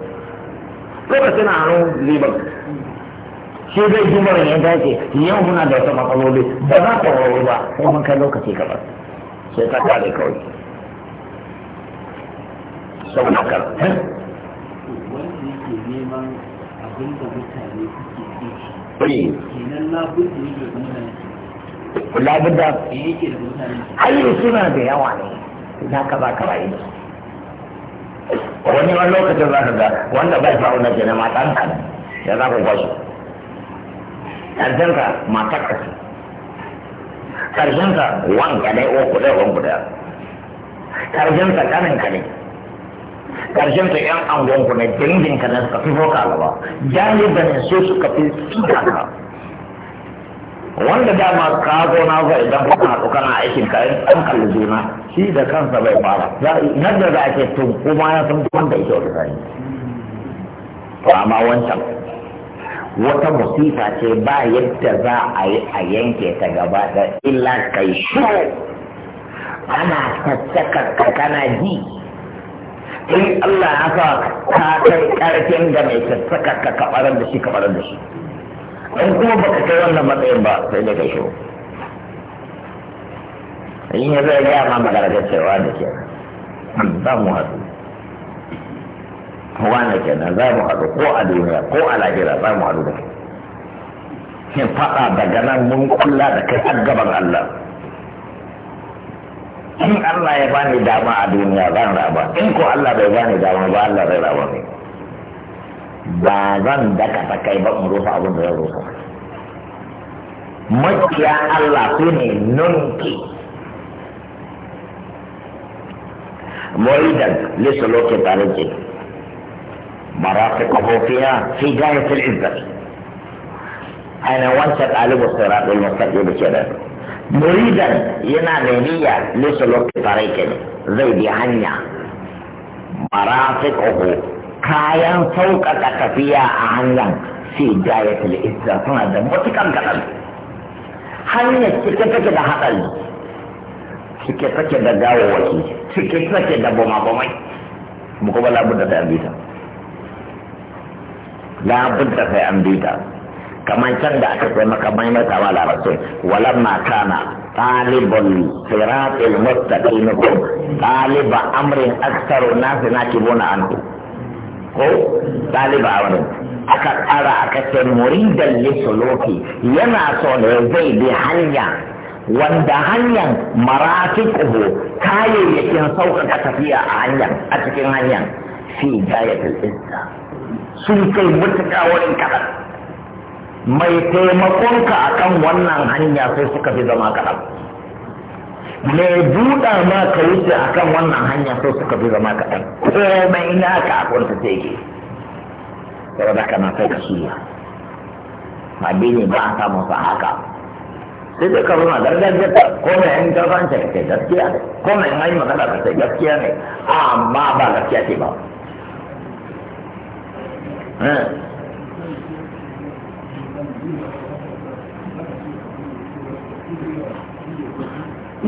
Lokaci na hannun liman shi zai ji ne ya ce yau muna da wata matsaloli ba za ka wuri ba sai mun kai lokaci gaba sai ta kare kawai sau da kar wanda yake neman da eh. kenan eh, suna da yawa ne za ka ba ka rayu wani wani lokacin za ka ga wanda bai fa'una ke na matanka ne da za ku kwasu ɗantanka matakka ce karshensa wanka ne o kuɗe wan guda karshensa kaninka ne karshensa yan angonku kuɗe danginka ne suka fi foka gaba jaliba ne su suka fi tsita ka wanda dama ka zo na zo idan kuka haɗu kana aikin ka in an kalli juna shi da kansa bai fara nan da za a ce tun kuma ya san wanda yake wani sani to amma wancan wata musifa ce ba yadda za a yi a yanke ta gaba da illa kai shi ana sassaka ka kana ji in Allah ya sa ka kai karfin ga mai sassaka ka kabarar da shi kabarar da shi in kuma baka kai wannan matsayin ba sai da kai shiru in ya zai gaya ma magana cewa da ke ba mu haɗu wane kenan za mu haɗu ko a duniya ko a lahira za mu haɗu da kai shin faɗa daga nan mun kulla da kai har gaban Allah in Allah ya bani dama a duniya zan raba in ko Allah bai bani dama ba Allah zai raba ne ba zan daka ta kai ba in rusa abin da ya rusa makiya Allah su ne nunki muridan lisa lokacin tarihi أبو فيها في غاية العزة أنا وأنت طالب الصراط المستقيم كده مريدا ينا نية لسلوك طريق زي دي هنيا أبو كايا فوق كتفيا عن في غاية العزة هذا متكم كلام hanyar cike take da haɗari cike take da gawawaki cike take da bama-bamai mu kuma labudda sai an bi kamar can da aka sai maka maimaita wa larabcin walamma kana talibul siratil mustaqim ko taliba amrin aktsaru nasi nakibuna anhu ko taliba amrin aka tsara aka ce muridan lisuluki yana so ne zai bi hanya wanda hanyar maratiquhu kayayyakin sauƙaƙa tafiya a hanyar a cikin hanyar fi gayatul izza sun kai mutuka wurin kaɗan mai taimakonka a kan wannan hanya sai suka fi zama kaɗan mai buɗa ma ka wuce a kan wannan hanya sai suka fi zama kaɗan komai naka a kwanta yau da kana sai ka shirya addini ba a samu sa haka sai dai ka runa gargajiyar ta ko yan garganta ta ce gaskiya ne ko yan yan magana ta ce gaskiya ne amma ba gaskiya ce ba Eh.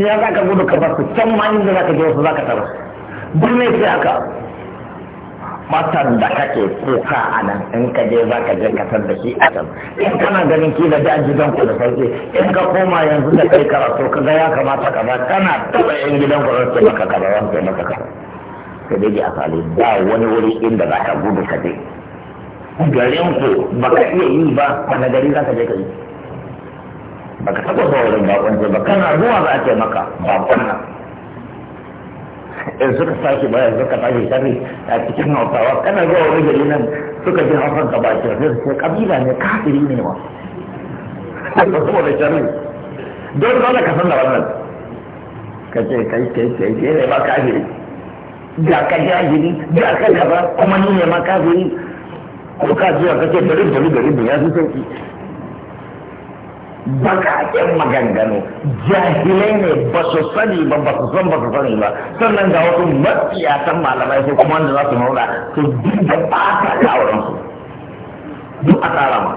ya za ka gudu ka basu can ma inda za ka je wasu za ka taro birnin sai aka matan da kake kuka a nan in ka je za ka je ka da shi a can in kana ganin kila da gidan ku da sauki in ka koma yanzu da kai karatu ka ga ya kamata ka ba kana taba yan gidan ku da maka kaza wanda maka kaza ka dai a sali ba wani wuri inda za ka gudu ka je garin ku ba ka iya yi ba wani gari za ka je ka yi ba ka taɓa zuwa wurin bakon ba kana zuwa za a ce maka bakon nan in suka tashi yanzu ka tashi sarri a cikin hausawa kana zuwa wurin gari nan suka ji hausan ka ba sai su sai kabila ne kafiri ne wa wani sharri don dole ka san da wannan ka ce kai kai kai kai ne ba kafiri ga ka jahili ga ka gaba kuma ni ne ma kafiri ko ka zuwa kake bari bari bari ne ya fi sauki bakaƙen maganganu jahilai ne ba su sani ba ba su san ba su sani ba sannan ga wasu matsiyatan malamai su kuma wanda za su nuna su dinga ɓata kawaransu duk a tsara ma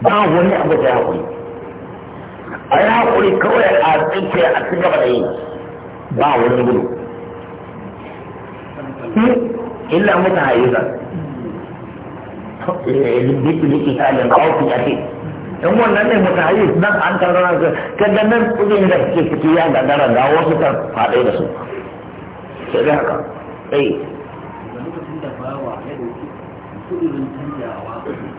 ba wani abu da ya haƙuri a y'a haƙuri kawai a tsinke a ci gaba da yi ba wani gudu hmm? illa mutahayyizan bikitalin kawfi a ce in wannan ne mutahayyiz nan an tarar da kaga nan kudin da suke fiti ya gagara ga wasu kan faɗai da su sai dai haka kudurin canjawa da da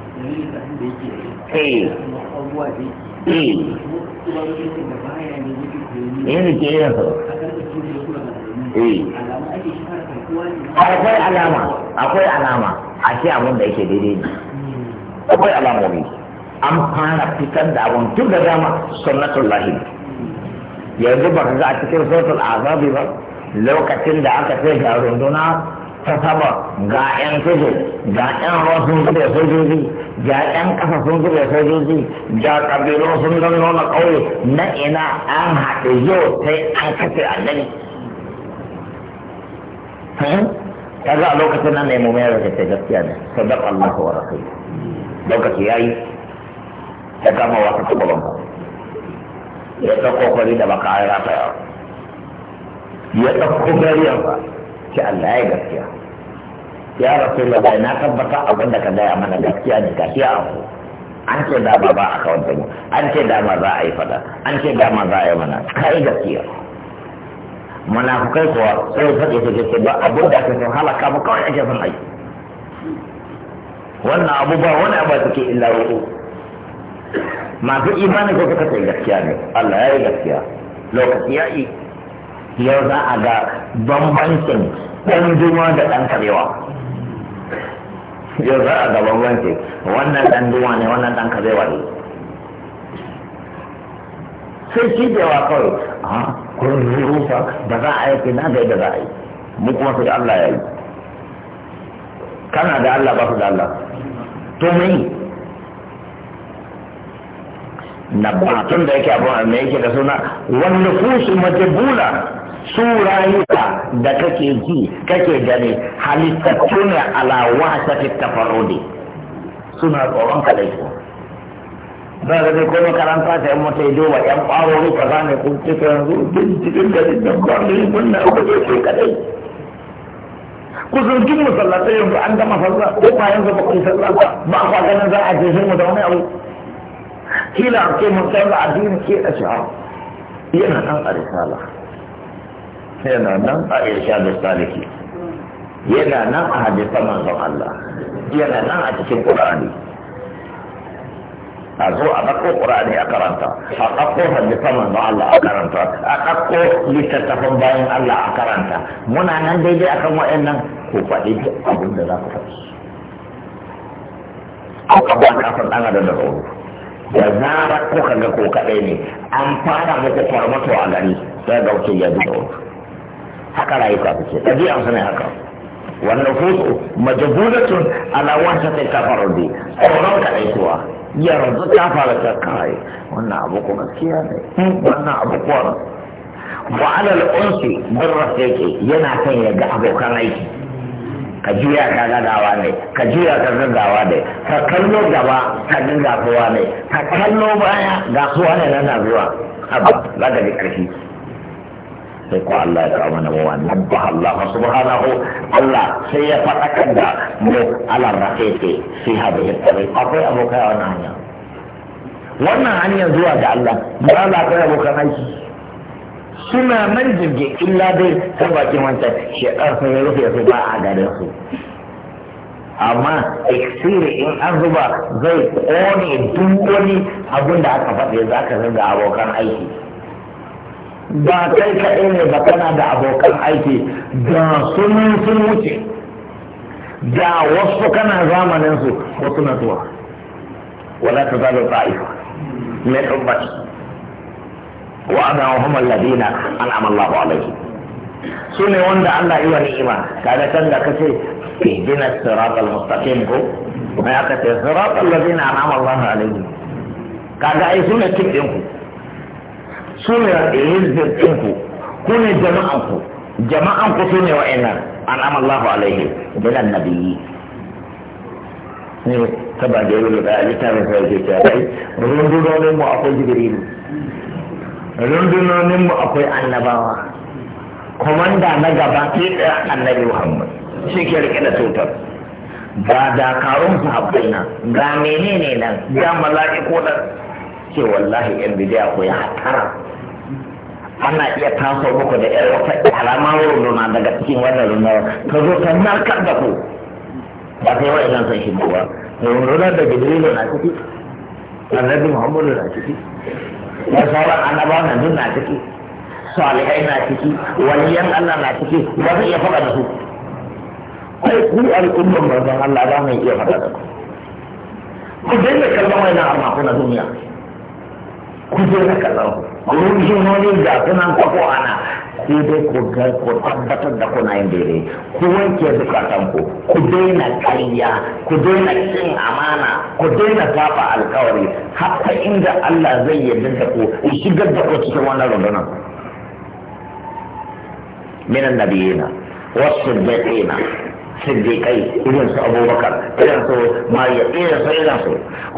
da akwai alama akwai an fara fitar da abin tun da dama sunnatul lahi yanzu ba ka ga a cikin sautul azabi ba lokacin da aka ce ga runduna ta saba ga 'yan kudu ga 'yan ruwa sun zube sojoji ga 'yan ƙasa sun zube sojoji ga ƙabilu sun zama nuna ƙauye na ina an haɗe yau sai an kace annabi za hmm? a lokacin nan ne mu mai rage ta gaskiya ne sadaq Allah wa rasul lokaci ya yi, ta kama wata ba ya ta kokari da baka ayyata ya ta kokari ba ce Allah ya gaskiya ya rasu da na tabbata abinda ka gaya mana gaskiya ne gaskiya a ku an ce dama ba a kawanta mu an ce dama za a yi fada an ce dama za a yi mana kai gaskiya Mana kai kuwa sai faɗi su ce ba abin da ka sun halaka ba kawai ake son ai wannan abubuwa wani abu suke illa ruɗu masu imanin ko suka ce gaskiya ne Allah ya yi gaskiya lokaci ya yi yau za a ga bambancin ɗan juma da ɗan karewa yau za a ga bambancin wannan ɗan juma ne wannan ɗan karewa ne sai shi da yawa kawai a ah, kun rufa da za a yi na gai da za a yi mu kuma sai Allah ya yi kana da Allah ba su da Allah to mai na batun da yake abuwa mai yake da suna wannan fushi majabula su rayuka da kake ji kake gani halittattu ne ala wasa fi tafarudi suna tsoron ka dai ba da dai kuma karanta sai mu tai duba yan kwarori ka zane kun cika yanzu din cikin din da kwarori mun na ku je ku kadai kusan duk musallatai yanzu an gama sallah ko ba yanzu ba ku sallah ba ba kwa ganin za a je shi mu da wani abu kila a mun sallah addini ke a shi'a ah, yana nan a risala yana nan a irshadu saliki yana nan a hadisan manzon Allah yana nan a cikin Qur'ani a zo a ɗauko ƙura'ani a karanta a ɗauko hadisan manzon Allah a karanta a ɗauko littattafan bayan Allah a karanta muna nan daidai a kan wa'in nan ko faɗi duk abin da za ku faɗi kuka ba ka san ɗan adam da tsoro da zarar kuka ga ko kaɗai ne an fara muku farmato a gari sai ga wuce ya ji tsoro haka rayuka take ɗabi'an su ne haka wannan fusu majabulatun ala wasa ta kafar bi tsoron ka aikuwa yanzu ta fara ta kai wannan abu ko gaskiya ne hmm, wannan abu ko wa ala al-unsi bin rafiqi yana kan ya ga abokan aiki ka juya ka gawa ne ka juya ka gawa ne ka kallo gaba ka gagawa ne ka kallo baya ga suwa ne nan zuwa haba za ka ji ƙarfi sai ko Allah ya kawo mana wa ba Allah subhanahu Allah sai ya faɗakar da mu alar rafiqi fi hadhihi tabi'a akwai abokai a wannan hanya wannan hanya zuwa ga Allah ba za ka abokan aiki suna nan jirgi illa dai ta baki wancan shekar sun yi rufe su ba a garin su amma iksiri in an zuba zai kone duk wani abin da aka faɗi za ka zanga abokan aiki ba kai kaɗai ne ba kana da abokan aiki da sunan sun wuce da wasu kana zamanin su wasu na zuwa wala ta zalo ta'ifa mai tabbaci wa ana muhammad ladina an amallahu alaihi su ne wanda allah iya ni'ima kaga can da kace gina siratal mustaqim ko kuma ya kace siratal ladina an amallahu alaihi kaga ai su ne cikin ku su ne hizbin ɗinku ku ne jama'anku jama'anku su ne wa'annan an'am Allahu alaihi na annabiyyi ne ta ba da yau da littafin sai ke cewa dai rundunonin mu akwai jibril rundunonin mu akwai annabawa komanda na gaba ke ɗaya annabi Muhammad shi ke rike da tutar ba su haɓɓai na ga menene nan ga mala'iku nan ce wallahi yan bidiya ko ya hatara ana iya taso muku da yar wata alama runduna daga cikin wannan rundunar ta zo ta narkar da ku ba sai wa idan san shi ba rundunar da jibrilu na ciki annabi muhammadu na ciki da sauran annaba na duk na ciki salihai na ciki waliyan allah na ciki ba zai iya faɗa da su kai ku al'ummar manzon allah ba mai iya faɗa da ku ku daina kallon wa'in nan amma kuna duniya kujera kaza wani ga sunan kwakwa ana sai dai ku ga ku tabbatar da kuna yin daidai ku wanke zukatan ku ku daina ƙarya ku daina cin amana ku daina saba alkawari hatta inda Allah zai yarda da ku in shigar da ku cikin wannan rundunar minan nabiyina wasu ina. siddiƙai irin su abubakar irin su mariya irin su irin su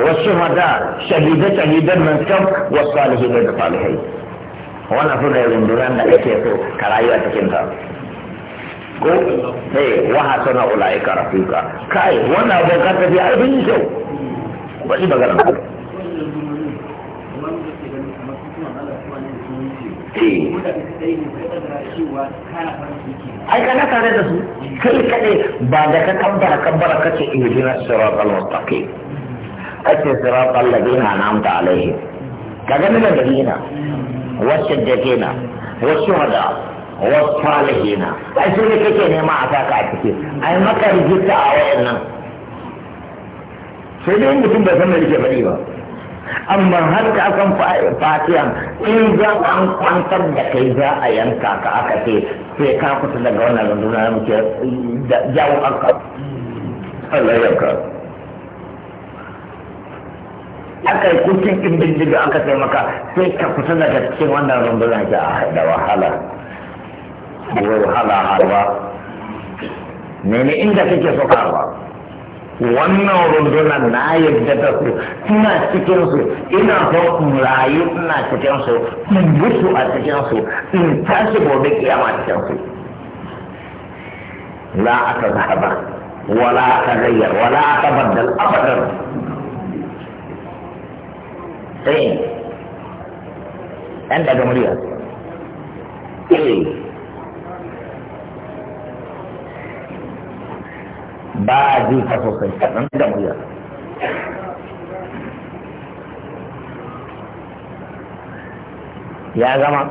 wasu mada shahida shahidan nan kam wasu salihai da salihai wannan su ne rundunan da ake so ka rayuwa cikin ta ko eh wa hasana ka rafika kai wannan abin ka tafi abin kyau ba shi bagara ba eh ai kana tare da su kai kaɗai ba da ka kabbara kabbara kace ihdina siratal mustaqim kace siratal ladina an'amta alaihim kaga min ladina wasiddiqina washuhada wasalihina ai su ne kake nema a taka a ciki ai maka rijista a wayannan sai dai mutum bai san me yake faɗi ba amma har ka akan fatiyan in za an kwantar da kai za a yanka ka aka ce sai ka kusa daga wannan runduna na muke jawo aka Allah ka aka yi kucin ɗin bindiga aka sai maka sai ka kusa daga cikin wannan runduna ta da wahala da wahala harwa ne inda kake so ka wannan rundunar na yadda da su ina cikin su ina son rayu ina cikin su in mutu a cikin su in tashi gobe kiyama cikin su la aka wala aka gayyar wala aka abadan sai eh, ɗan daga ba a ji ka sosai kaɗan da murya ya gama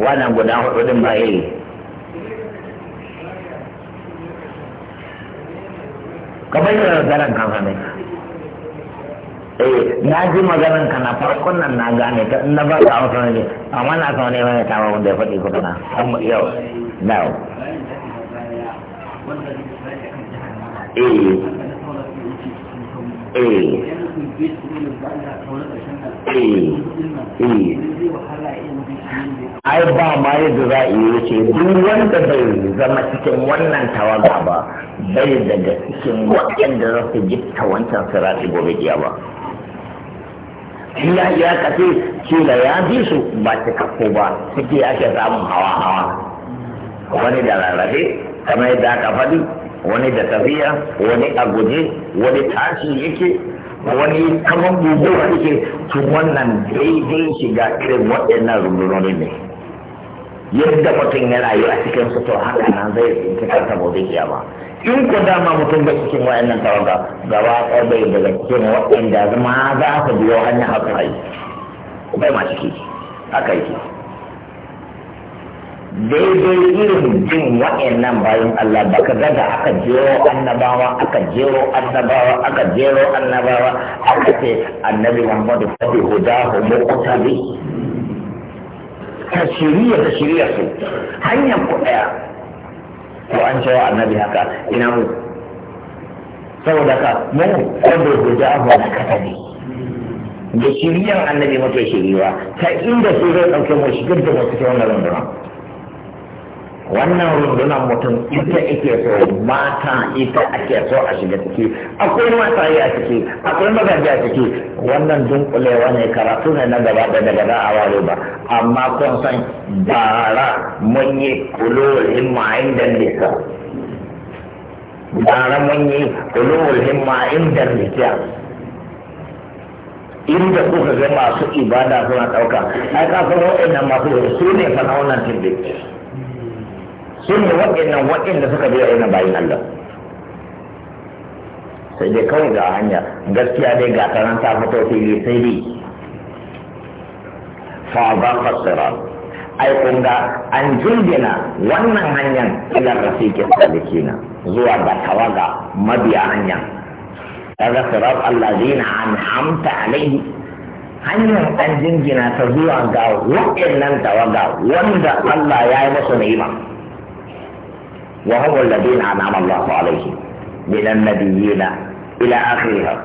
wannan guda hudu din ba yi ka bayyana garan kan ne eh na ji maganan kan na farkon nan na gane ta na ba ka amsa ne amma na san ne mai tawa wanda ya faɗi kuka na amma yau now eh eh eh eh ai ba ma yadda za a yi wuce duk wanda bai zama cikin wannan tawaga ba bai daga cikin waɗanda za su gifta wancan sirati gobe iya ba illa ya kace da ya bi su ba ta kafo ba suke ake samun hawa hawa wani da rarrafe kamar yadda aka faɗi wani da tafiya wani a guje wani tashi yake wani kamar guguwa ke, tun wannan daidai shiga irin waɗannan rundunonin ne yadda mutum ya rayu a cikin su to haka nan zai tsinci kansa gobe kiyama in ko dama mutum da cikin wayannan tawaga gaba ɗaya bai daga cikin waɗanda ma za su biyo hanya haka rai bai ma ciki haka yake daidai irin jin waɗannan bayan Allah ba ka gada aka jero annabawa aka jero annabawa aka jero annabawa aka ce annabi Muhammadu fa bi hudahu muqtabi ka shirya da shirya su hanyar ku ɗaya ko an cewa annabi haka ina mu saboda ka mu ku ji abu da kasa ne da shiryan annabi muke shiriwa ta inda su zai ɗauke mu shigar da mu cikin wannan rundunar wannan rundunar mutum ita ake so mata ita ake so a shiga ciki akwai mataye a ciki akwai magaji a ciki wannan dunkulewa ne karatu ne na gaba da daga za a ware ba amma kun san bara mun yi kulowar himma inda nisa bara mun yi kulowar himma inda nisa inda kuka ga masu ibada suna ɗauka ai kafin waɗannan masu su ne fa na wannan tilbe su ne waɗannan waɗanda suka biya yana bayan Allah sai dai kawai ga hanya gaskiya dai ga taron ta fito fili sai dai fa ba fasira ai kun ga an jirgina wannan hanyar ila rafiqin salikina zuwa ga tawaga mabiya hanya kaga sirat allazina an'amta alaihi hanyar an jingina ta zuwa ga waɗannan tawaga wanda Allah ya yi musu ni'ima وهم الذين أنعم الله عليهم من النبيين إلى آخرها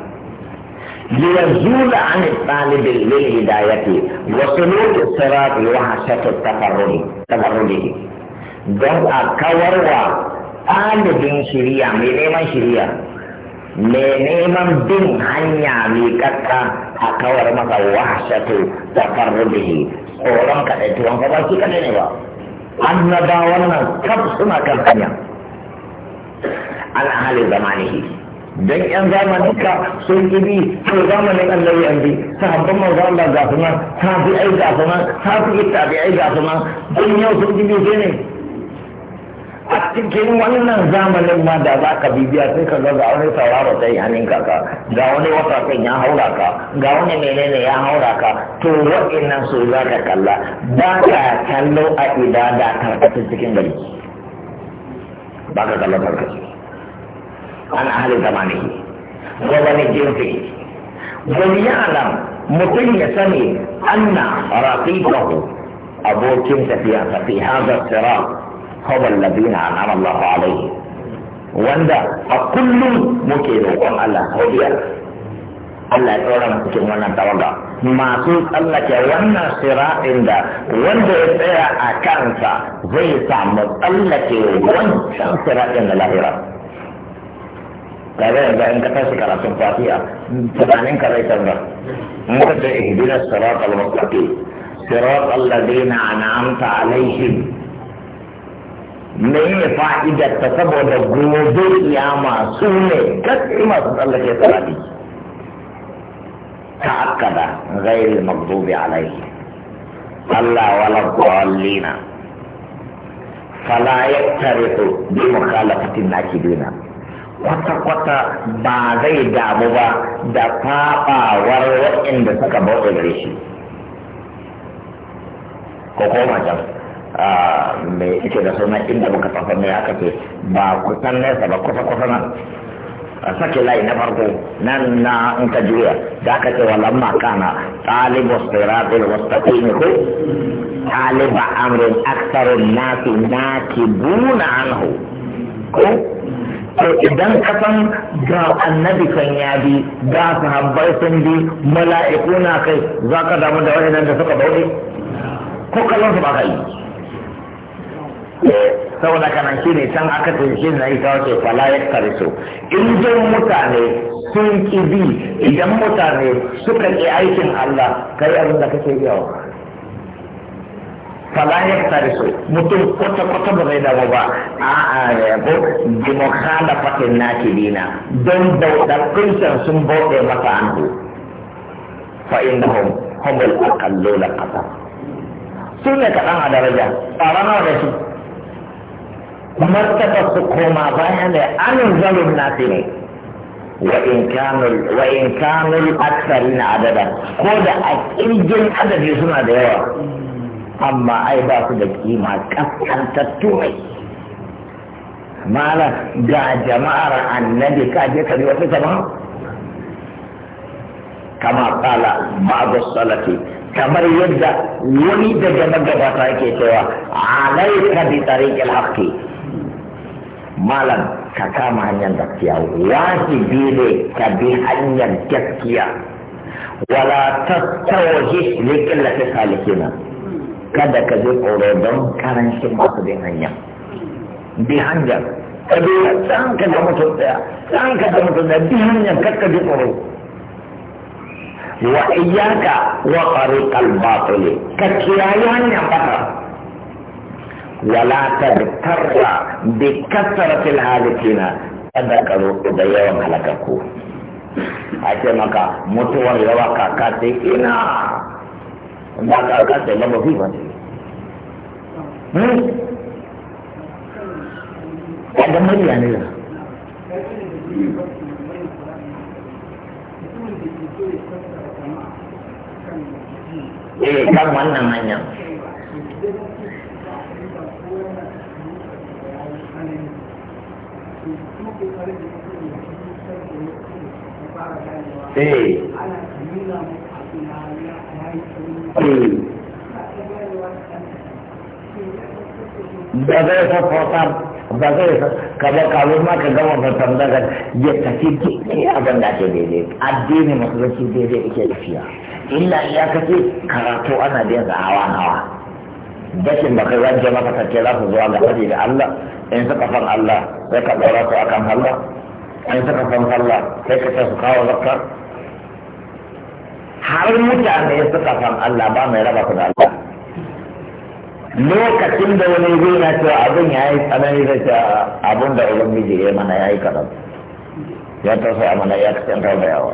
ليزول عن الطالب للهداية وسلوك الصراط وحشة التفرد تفرده don a kawar wa ɗalibin shirya mai neman shirya mai neman bin hanya mai kakka a kawar masa wahashatu tafarrudihi tsoron ba ba annabawan wannan kaf suna kan hanya alhali zamanihi dan yan zamanin ka sun gibi to zamanin annabi an bi sahabban manzo Allah ga kuma tabi'ai ga kuma tabi'i tabi'ai ga kuma dan yau sun ne a cikin wannan zamanin ma da za ka bibiya sai ka ga ga wani sauraro ta yi hannun ka ga wani wata ya haura ka ga wani menene ya haura ka to wa'annan su za ka kalla ba ka kallo a ibada karkatun cikin gari ba ka kallo karkatun ana hali zamani ko wani jinsi wani yalam mutum ya sani anna raqiqahu abokin tafiya fi hadha sirat هو الذين انعم الله عليه وندا كل مكير وقال الله هو الله يقول لنا كتير وانا تولى ما سوك الله كي وانا سراء اندا وانا سراء زي سامد الله كي وانا سراء اندا لاهرة كذا يبقى انت فاسك على سنفاتيا تبانين كذا يتنغى انت تهدين الصراط المستقيم صراط الذين انعمت عليهم me ne fa'idar ta saboda gobe kiyama su ne gaske masu tsallake sarari ta akada ghairil maghdubi alaihi Allah wala dhallina fala yaktarihu bi mukhalafatin nakidina kwata-kwata ba zai damu ba da faɓawar waɗanda suka bauta gare shi ko koma can Ah, mai ike da suna inda muka tafi mai aka ce ba kusan nesa ba kusa kusa nan a sake layi na farko nan na in ka juya da aka ce wa lamma kana talibu siratul mustaqim ko taliba amrin aktarun nasi nakibuna anhu ko to idan ka san ga annabi kan ya bi ga sahabbai sun bi mala'iku na kai za ka damu da wani nan da suka bauɗe ko kallon su ba ka yi saboda kana shi ne can aka ce na ita wace fala ya karso in dai mutane sun ki bi idan mutane suka ki aikin Allah kai abin da kake yawa fala ya karso mutum kwata kwata ba zai damu ba a a yabo na mukhalafatin dina don daudakun sun bauɗe masa anhu fa innahum humul aqalluna qadar sun ne kaɗan a daraja tsara nawa da su مرتبة سكوما بيان أنزل الناس ne وإن كان وإن كان الأكثرين عددا كود أكيد عدد يسمى ديوة أما أي باس دكيما كفن تتوعي مالا جاء جماعة النبي كاجي كبير وفي تمام كما قال بعض الصلاة كما يبدأ wani daga magabata yake cewa alaika bi malam ka kama hanyar gaskiya wajibi ne ka bi hanyar gaskiya wala ta ne ta likillati na kada ka je tsoro don karancin masu bin hanya bi hanyar ka bi tsanka ka mutum daya tsanka ka mutum daya bi hanyar kakka bi tsoro wa iyaka wa ƙari batil ka kiyaye hanyar batil ولا تبتر بكثرة الهالكين تذكروا إذا يوم هلككم أتمنى متوى يوكا كاتي إنا ما ka kasa ba ba ba ne kaga murya ne da eh kan wannan hanyar Eh. ba zai fafafa ba zai kaba kawo ma ka gama fasan daga ya tafi daidai abin da ke daidai addini masu masallaci daidai ake lafiya illa ya kace karatu ana biyan sa hawa hawa dakin ba kai wajen maka kake za su zuwa ga fadi da Allah in suka fan Allah sai ka ɗora su akan Allah an saka san Allah sai ka su kawo zakka har mutane suka san Allah ba mai raba ku da Allah lokacin da wani zai na cewa abin ya yi tsanani da cewa abin da ubangiji ya mana ya yi kaɗan ya a mana ya kasan da yawa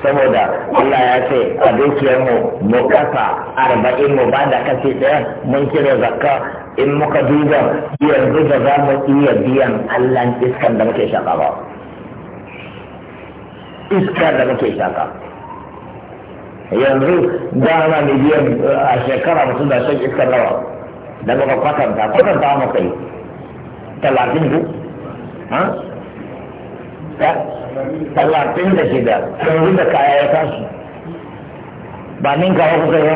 saboda Allah ya ce a dukiyarmu mu kasa arba'in mu ba da kashi ɗaya mun kira zakka in muka duba yanzu da za mu iya biyan Allah iskan da muke shaka ba iskar da muke shaka yanzu da ana mai biyan a shekara mutum da shan iskar nawa da muka kwatanta kwatanta mu yi talatin ku ha? talatin da shida sun da kaya ya tashi ba min kawo kuka yi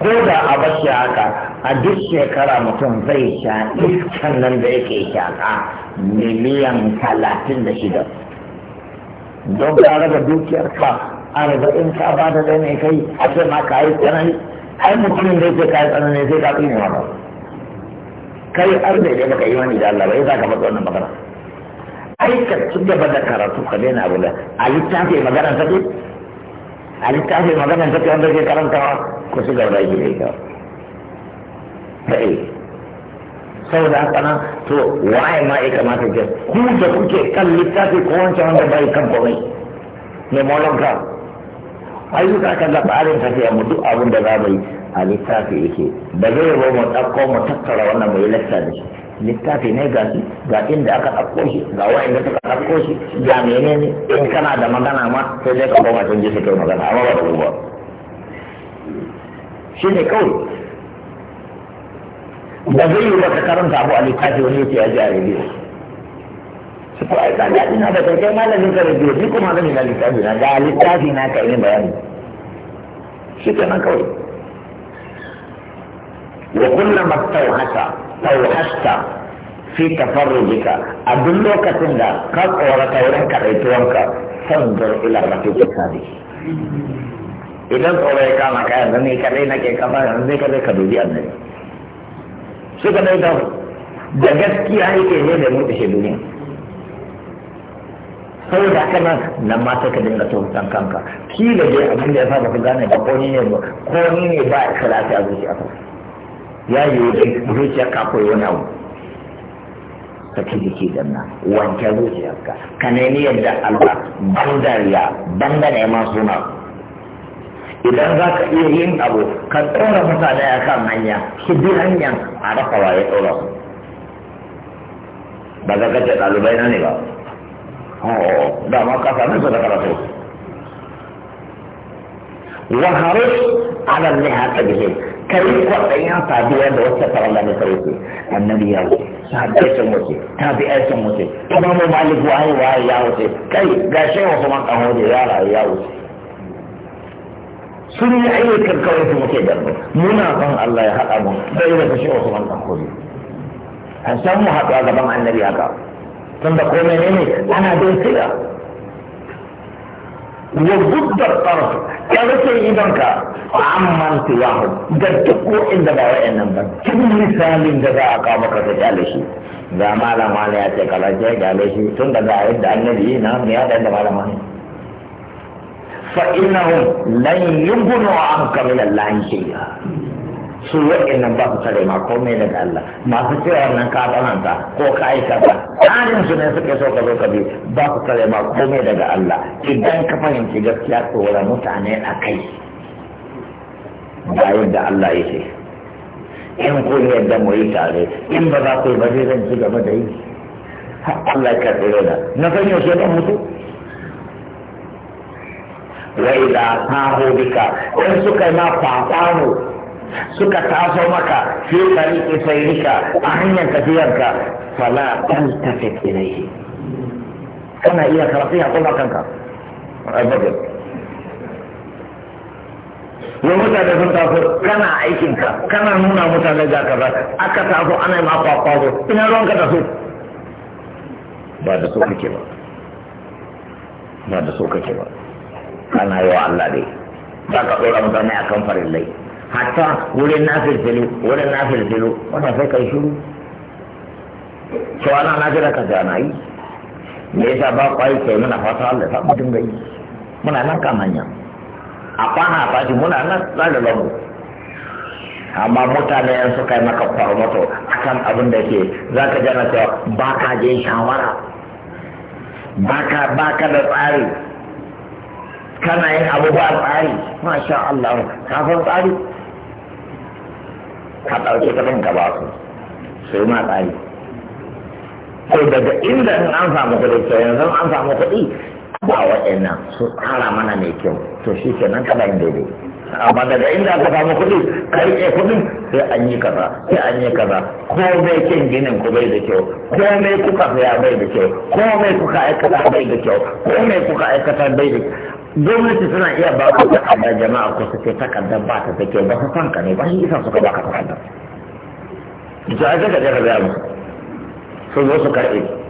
ko da a bashi haka a duk shekara mutum zai sha iskan nan da yake shaƙa miliyan talatin da shida don ka raba dukiyar ka arba'in ka ba da ɗaya ne kai a ce ma ka yi tsanani ai mutumin da yake ka yi tsanani sai ka tsine ba kai arba'in da baka yi wani da Allah ba ya za ka matsa wannan magana aikata tun da gaba da karatu ka daina abu da a littafi magana ta ce a littafi magana ta ce wanda ke karantawa ko su gaba yi ne ka sau saboda haka nan to waye ma ya kamata ke ku da kuke kan littafi ko wancan wanda yi kan komai ne molon ka ayyuka kan da tsarin tafiya mu duk abin da za mu yi a littafi yake ba zai ba mu ɗauko mu tattara wannan mu yi lakta da shi littafi ne ga shi ga inda aka ɗauko shi ga wa'inda suka ɗauko shi ga menene in kana da magana ma sai dai ka koma can je su kai magana amma ba da ruwa shi ne kawai da zai yi ba ka karanta abu a littafi wani yace ya ji a rediyo su ko ai kaga ina da kai malamin ka rediyo shi kuma malamin na littafi na ga littafi na ka yi bayani shi kenan kawai wa kullama tawhata tauhasta fi tafarrujika a duk lokacin da ka tsorata wurin karaituwanka sanzar ila rafiqi sadiq idan tsoro ya kama ka yanzu ne na ke kama yanzu ne kadai ka dubi annabi suka dai da da gaskiya yake ne da mutu shi duniya sau da kana nan ma sai ka dinga tsohon kanka kila dai abin da ya sa ba ku gane ba ko ni ne ba ko ni ne ba ikhlasi a zuciya ya yi zuciyar ka koyi wani abu ka ci jiki da nan wancan zuciyar ka nemi yadda Allah ban dariya ban da neman suna idan za ka iya yin abu ka tsora mutane a kan hanya su bi hanyar a rafa waye tsora su ba ga ka ɗalibai na ne ba oh, da ma ka sami su da karatu wa harus ala ne haka bihin kai kwaɗayen saduwa da wacce ne kai sauki annabi ya wuce sahabbai sun wuce tabi'ai sun kuma mu malik wai wai ya wuce kai ga shehu kuma hode ya la ya wuce sun yi ayyukan kawai su muke da mu muna son Allah ya haɗa mu sai da kashe wasu kuma kan hode an san mu haɗa gaban annabi haka tunda komai ne ne ana don sira wa buddar tsarf ka rufe idonka a amman tiyahu da duk inda ba wa'annan ba duk misalin da za a kawo maka ka kyale shi ga malama ne ya ce kalace kyale shi tun da ga yadda na mu da fa su wa'annan ba su tare ma komai daga Allah masu cewa nan ka tsananta ko ka yi kaza tsarin su ne suke so ka zo ka bi ba su tare ma komai daga Allah idan ka fahimci gaskiya to wala mutane a kai ba yadda Allah ya ce in kun yadda mu yi tare in ba za ku yi ba zai zan ci gaba da yi Allah ka tsere da na san yaushe ban mutu wa idza tahu bika in suka ma fafano suka taso maka fi tariqi sayrika a hanyar tafiyarka fala taltafit ilayhi kana iya karfi a kuma kanka abadan wa mutane sun taso kana aikinka kana nuna mutane ga kaza aka taso ana ma kwakwazo ina ruwanka ka taso ba da so kake ba ba da so kake ba kana yi wa Allah dai ba ka tsora mutane akan lai. hatta wurin na filfilu wurin na filfilu wannan sai kai shiru to ana na jira ka jana yi me yasa ba kwai kai muna fata Allah ta mutum gai muna nan ka manya? a kwana fashi muna nan zaga lamu amma mutane yan suka yi maka a akan abin da ke za ka jana cewa ba ka je shawara ba ka da tsari kana yin abubuwa tsari masha Allah kafin tsari ka ɗauki kuɗin ka ba su su ma tsari to daga inda in an samu kuɗi to yanzu an samu kuɗi ba waɗannan su ƙara mana mai kyau to shi ke nan kaɗan daidai amma daga inda aka samu kuɗi ka riƙe kuɗin sai an yi kaza sai an yi kaza komai kin ginin ku bai da kyau komai kuka saya bai da kyau komai kuka aikata bai da kyau komai kuka aikata bai da kyau gwamnati suna iya ba ku takarda jama'a ko suke ce takardar ba ta take ba su fanka ne ba shi isa suka ba ka takardar. Bisa aika ka ya musu. Sun zo su karɓe.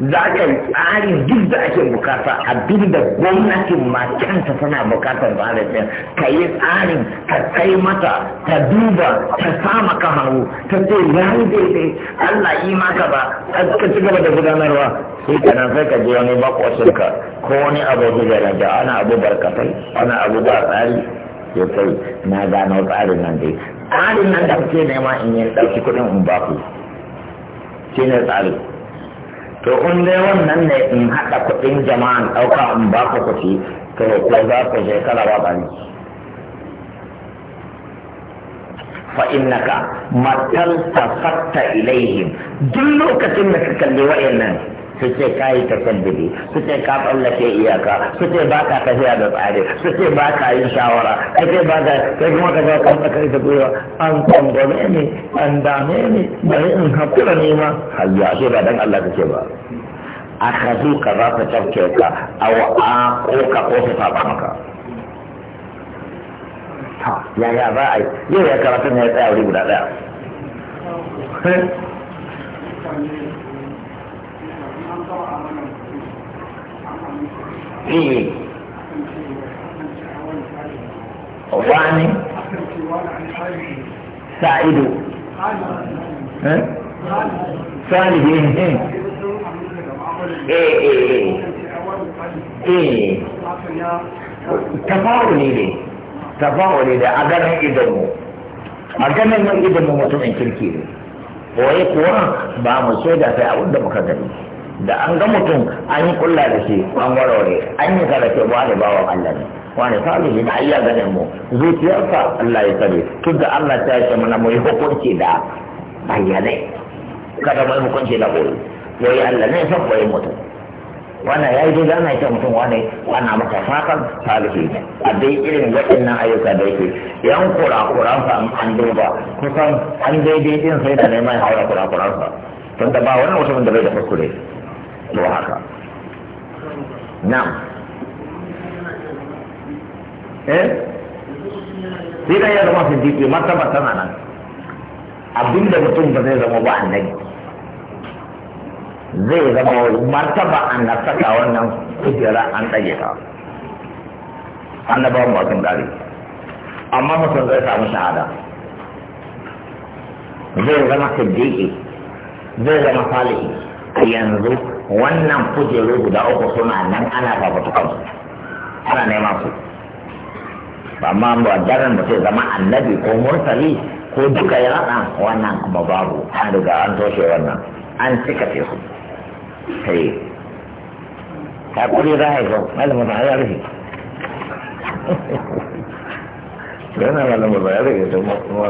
za ka yi tsarin duk da ake bukata abin da gwamnatin ma kanta tana bukatar da ɗin ka yi tsarin ka kai mata ta duba ta sama ka hannu ta ce ya yi daidai Allah yi maka ba ka ci gaba da gudanarwa sai ka nan sai ka je wani bakwasinka ko wani abu da da ana abu barkatai ana abu ba tsari ya kai na gano tsarin nan dai tsarin nan da kuke nema in yi ɗauki kuɗin in ba ku shi ne tsarin to in dai wannan ne in haɗa kuɗin jama'an ɗauka in ba ku kuɗi to ko za ku kala ba ba ni fa innaka matal tafatta ilaihim duk lokacin da ka kalli wa'annan su ka yi tasaddudi su ce ka tsallake iyaka su ba ka tafiya da tsari su ba ka yin shawara kai ba ka kai kuma ka zaka kan kai ta gwiwa an tsangwame ne an dame ne bari in hakura ne ma hayya ce ba dan Allah kake ba a kazu ka za ka tafke ka a wa'a ko ka ko su saba maka yaya za a yi yau ya karatu ne ya tsaya wuri guda daya eh wani sa'idu salihu eh eh eh tafawuli ne eh. tafawuli da a ganin mu. a ganin mu mutumin kirki ne waye kuwa ba mu so da sai abin da muka gani da an ga mutum an yi kulla da shi an warware an yi karafe wani bawan Allah ne wani salihi da ayya gane mu zuciyarsa Allah ya sani tun da Allah ta yake mana mu yi hukunci da bayyane kada mu yi hukunci da koyi wai Allah ne san koyi mutum wannan ya yi dai ana ita mutum wani wani maka fatan salihi ne a dai irin waɗannan ayyuka da yake yan kura kuransa an duba kusan an daidai din sai da neman haura tun da ba wani mutumin da bai da kuskure to haka na eh sai da ya zama siddiqi martaba tana nan abinda mutum ba zai zama ba annabi zai zama martaba nasaka wannan kujera an ɗage ta annabawan ba sun dare amma mutum zai samu shahada zai zama jiki zai zama salihi a yanzu wannan kujeru guda uku suna nan ana fafutukan su ana neman su ma ba daren da sai zama annabi ko murtali ko duka ya rada wannan kuma babu an riga an toshe wannan an cika ce su kai ta kuri za a yi ko malamin ba ya rufe yana malamin ba ya rufe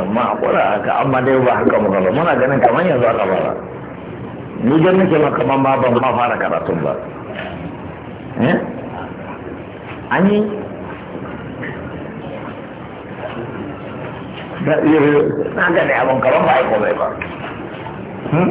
ma a kura haka amma dai ba haka muka ba muna ganin kamar yanzu aka ba ni gan nake maka ma ma ban ma fara karatun ba eh an yi eh, eh, na ga da abun karon ba ai komai ba hmm?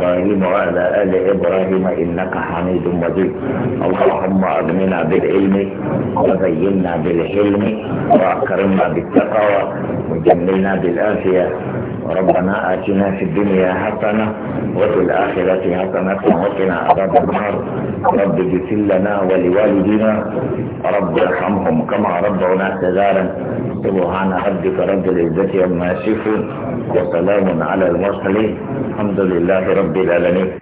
إبراهيم وعلى آل إبراهيم إنك حميد مجيد اللهم أغننا بالعلم وزينا بالحلم وأكرمنا بالتقوى وجملنا بالآفية ربنا آتنا في الدنيا حسنة وفي الآخرة حسنة وقنا عذاب النار رب اغفر لنا ولوالدينا رب ارحمهم كما ربونا صغارا سبحان ربك رب العزة عما يصفون وسلام على المرسلين الحمد لله رب rabbil ne?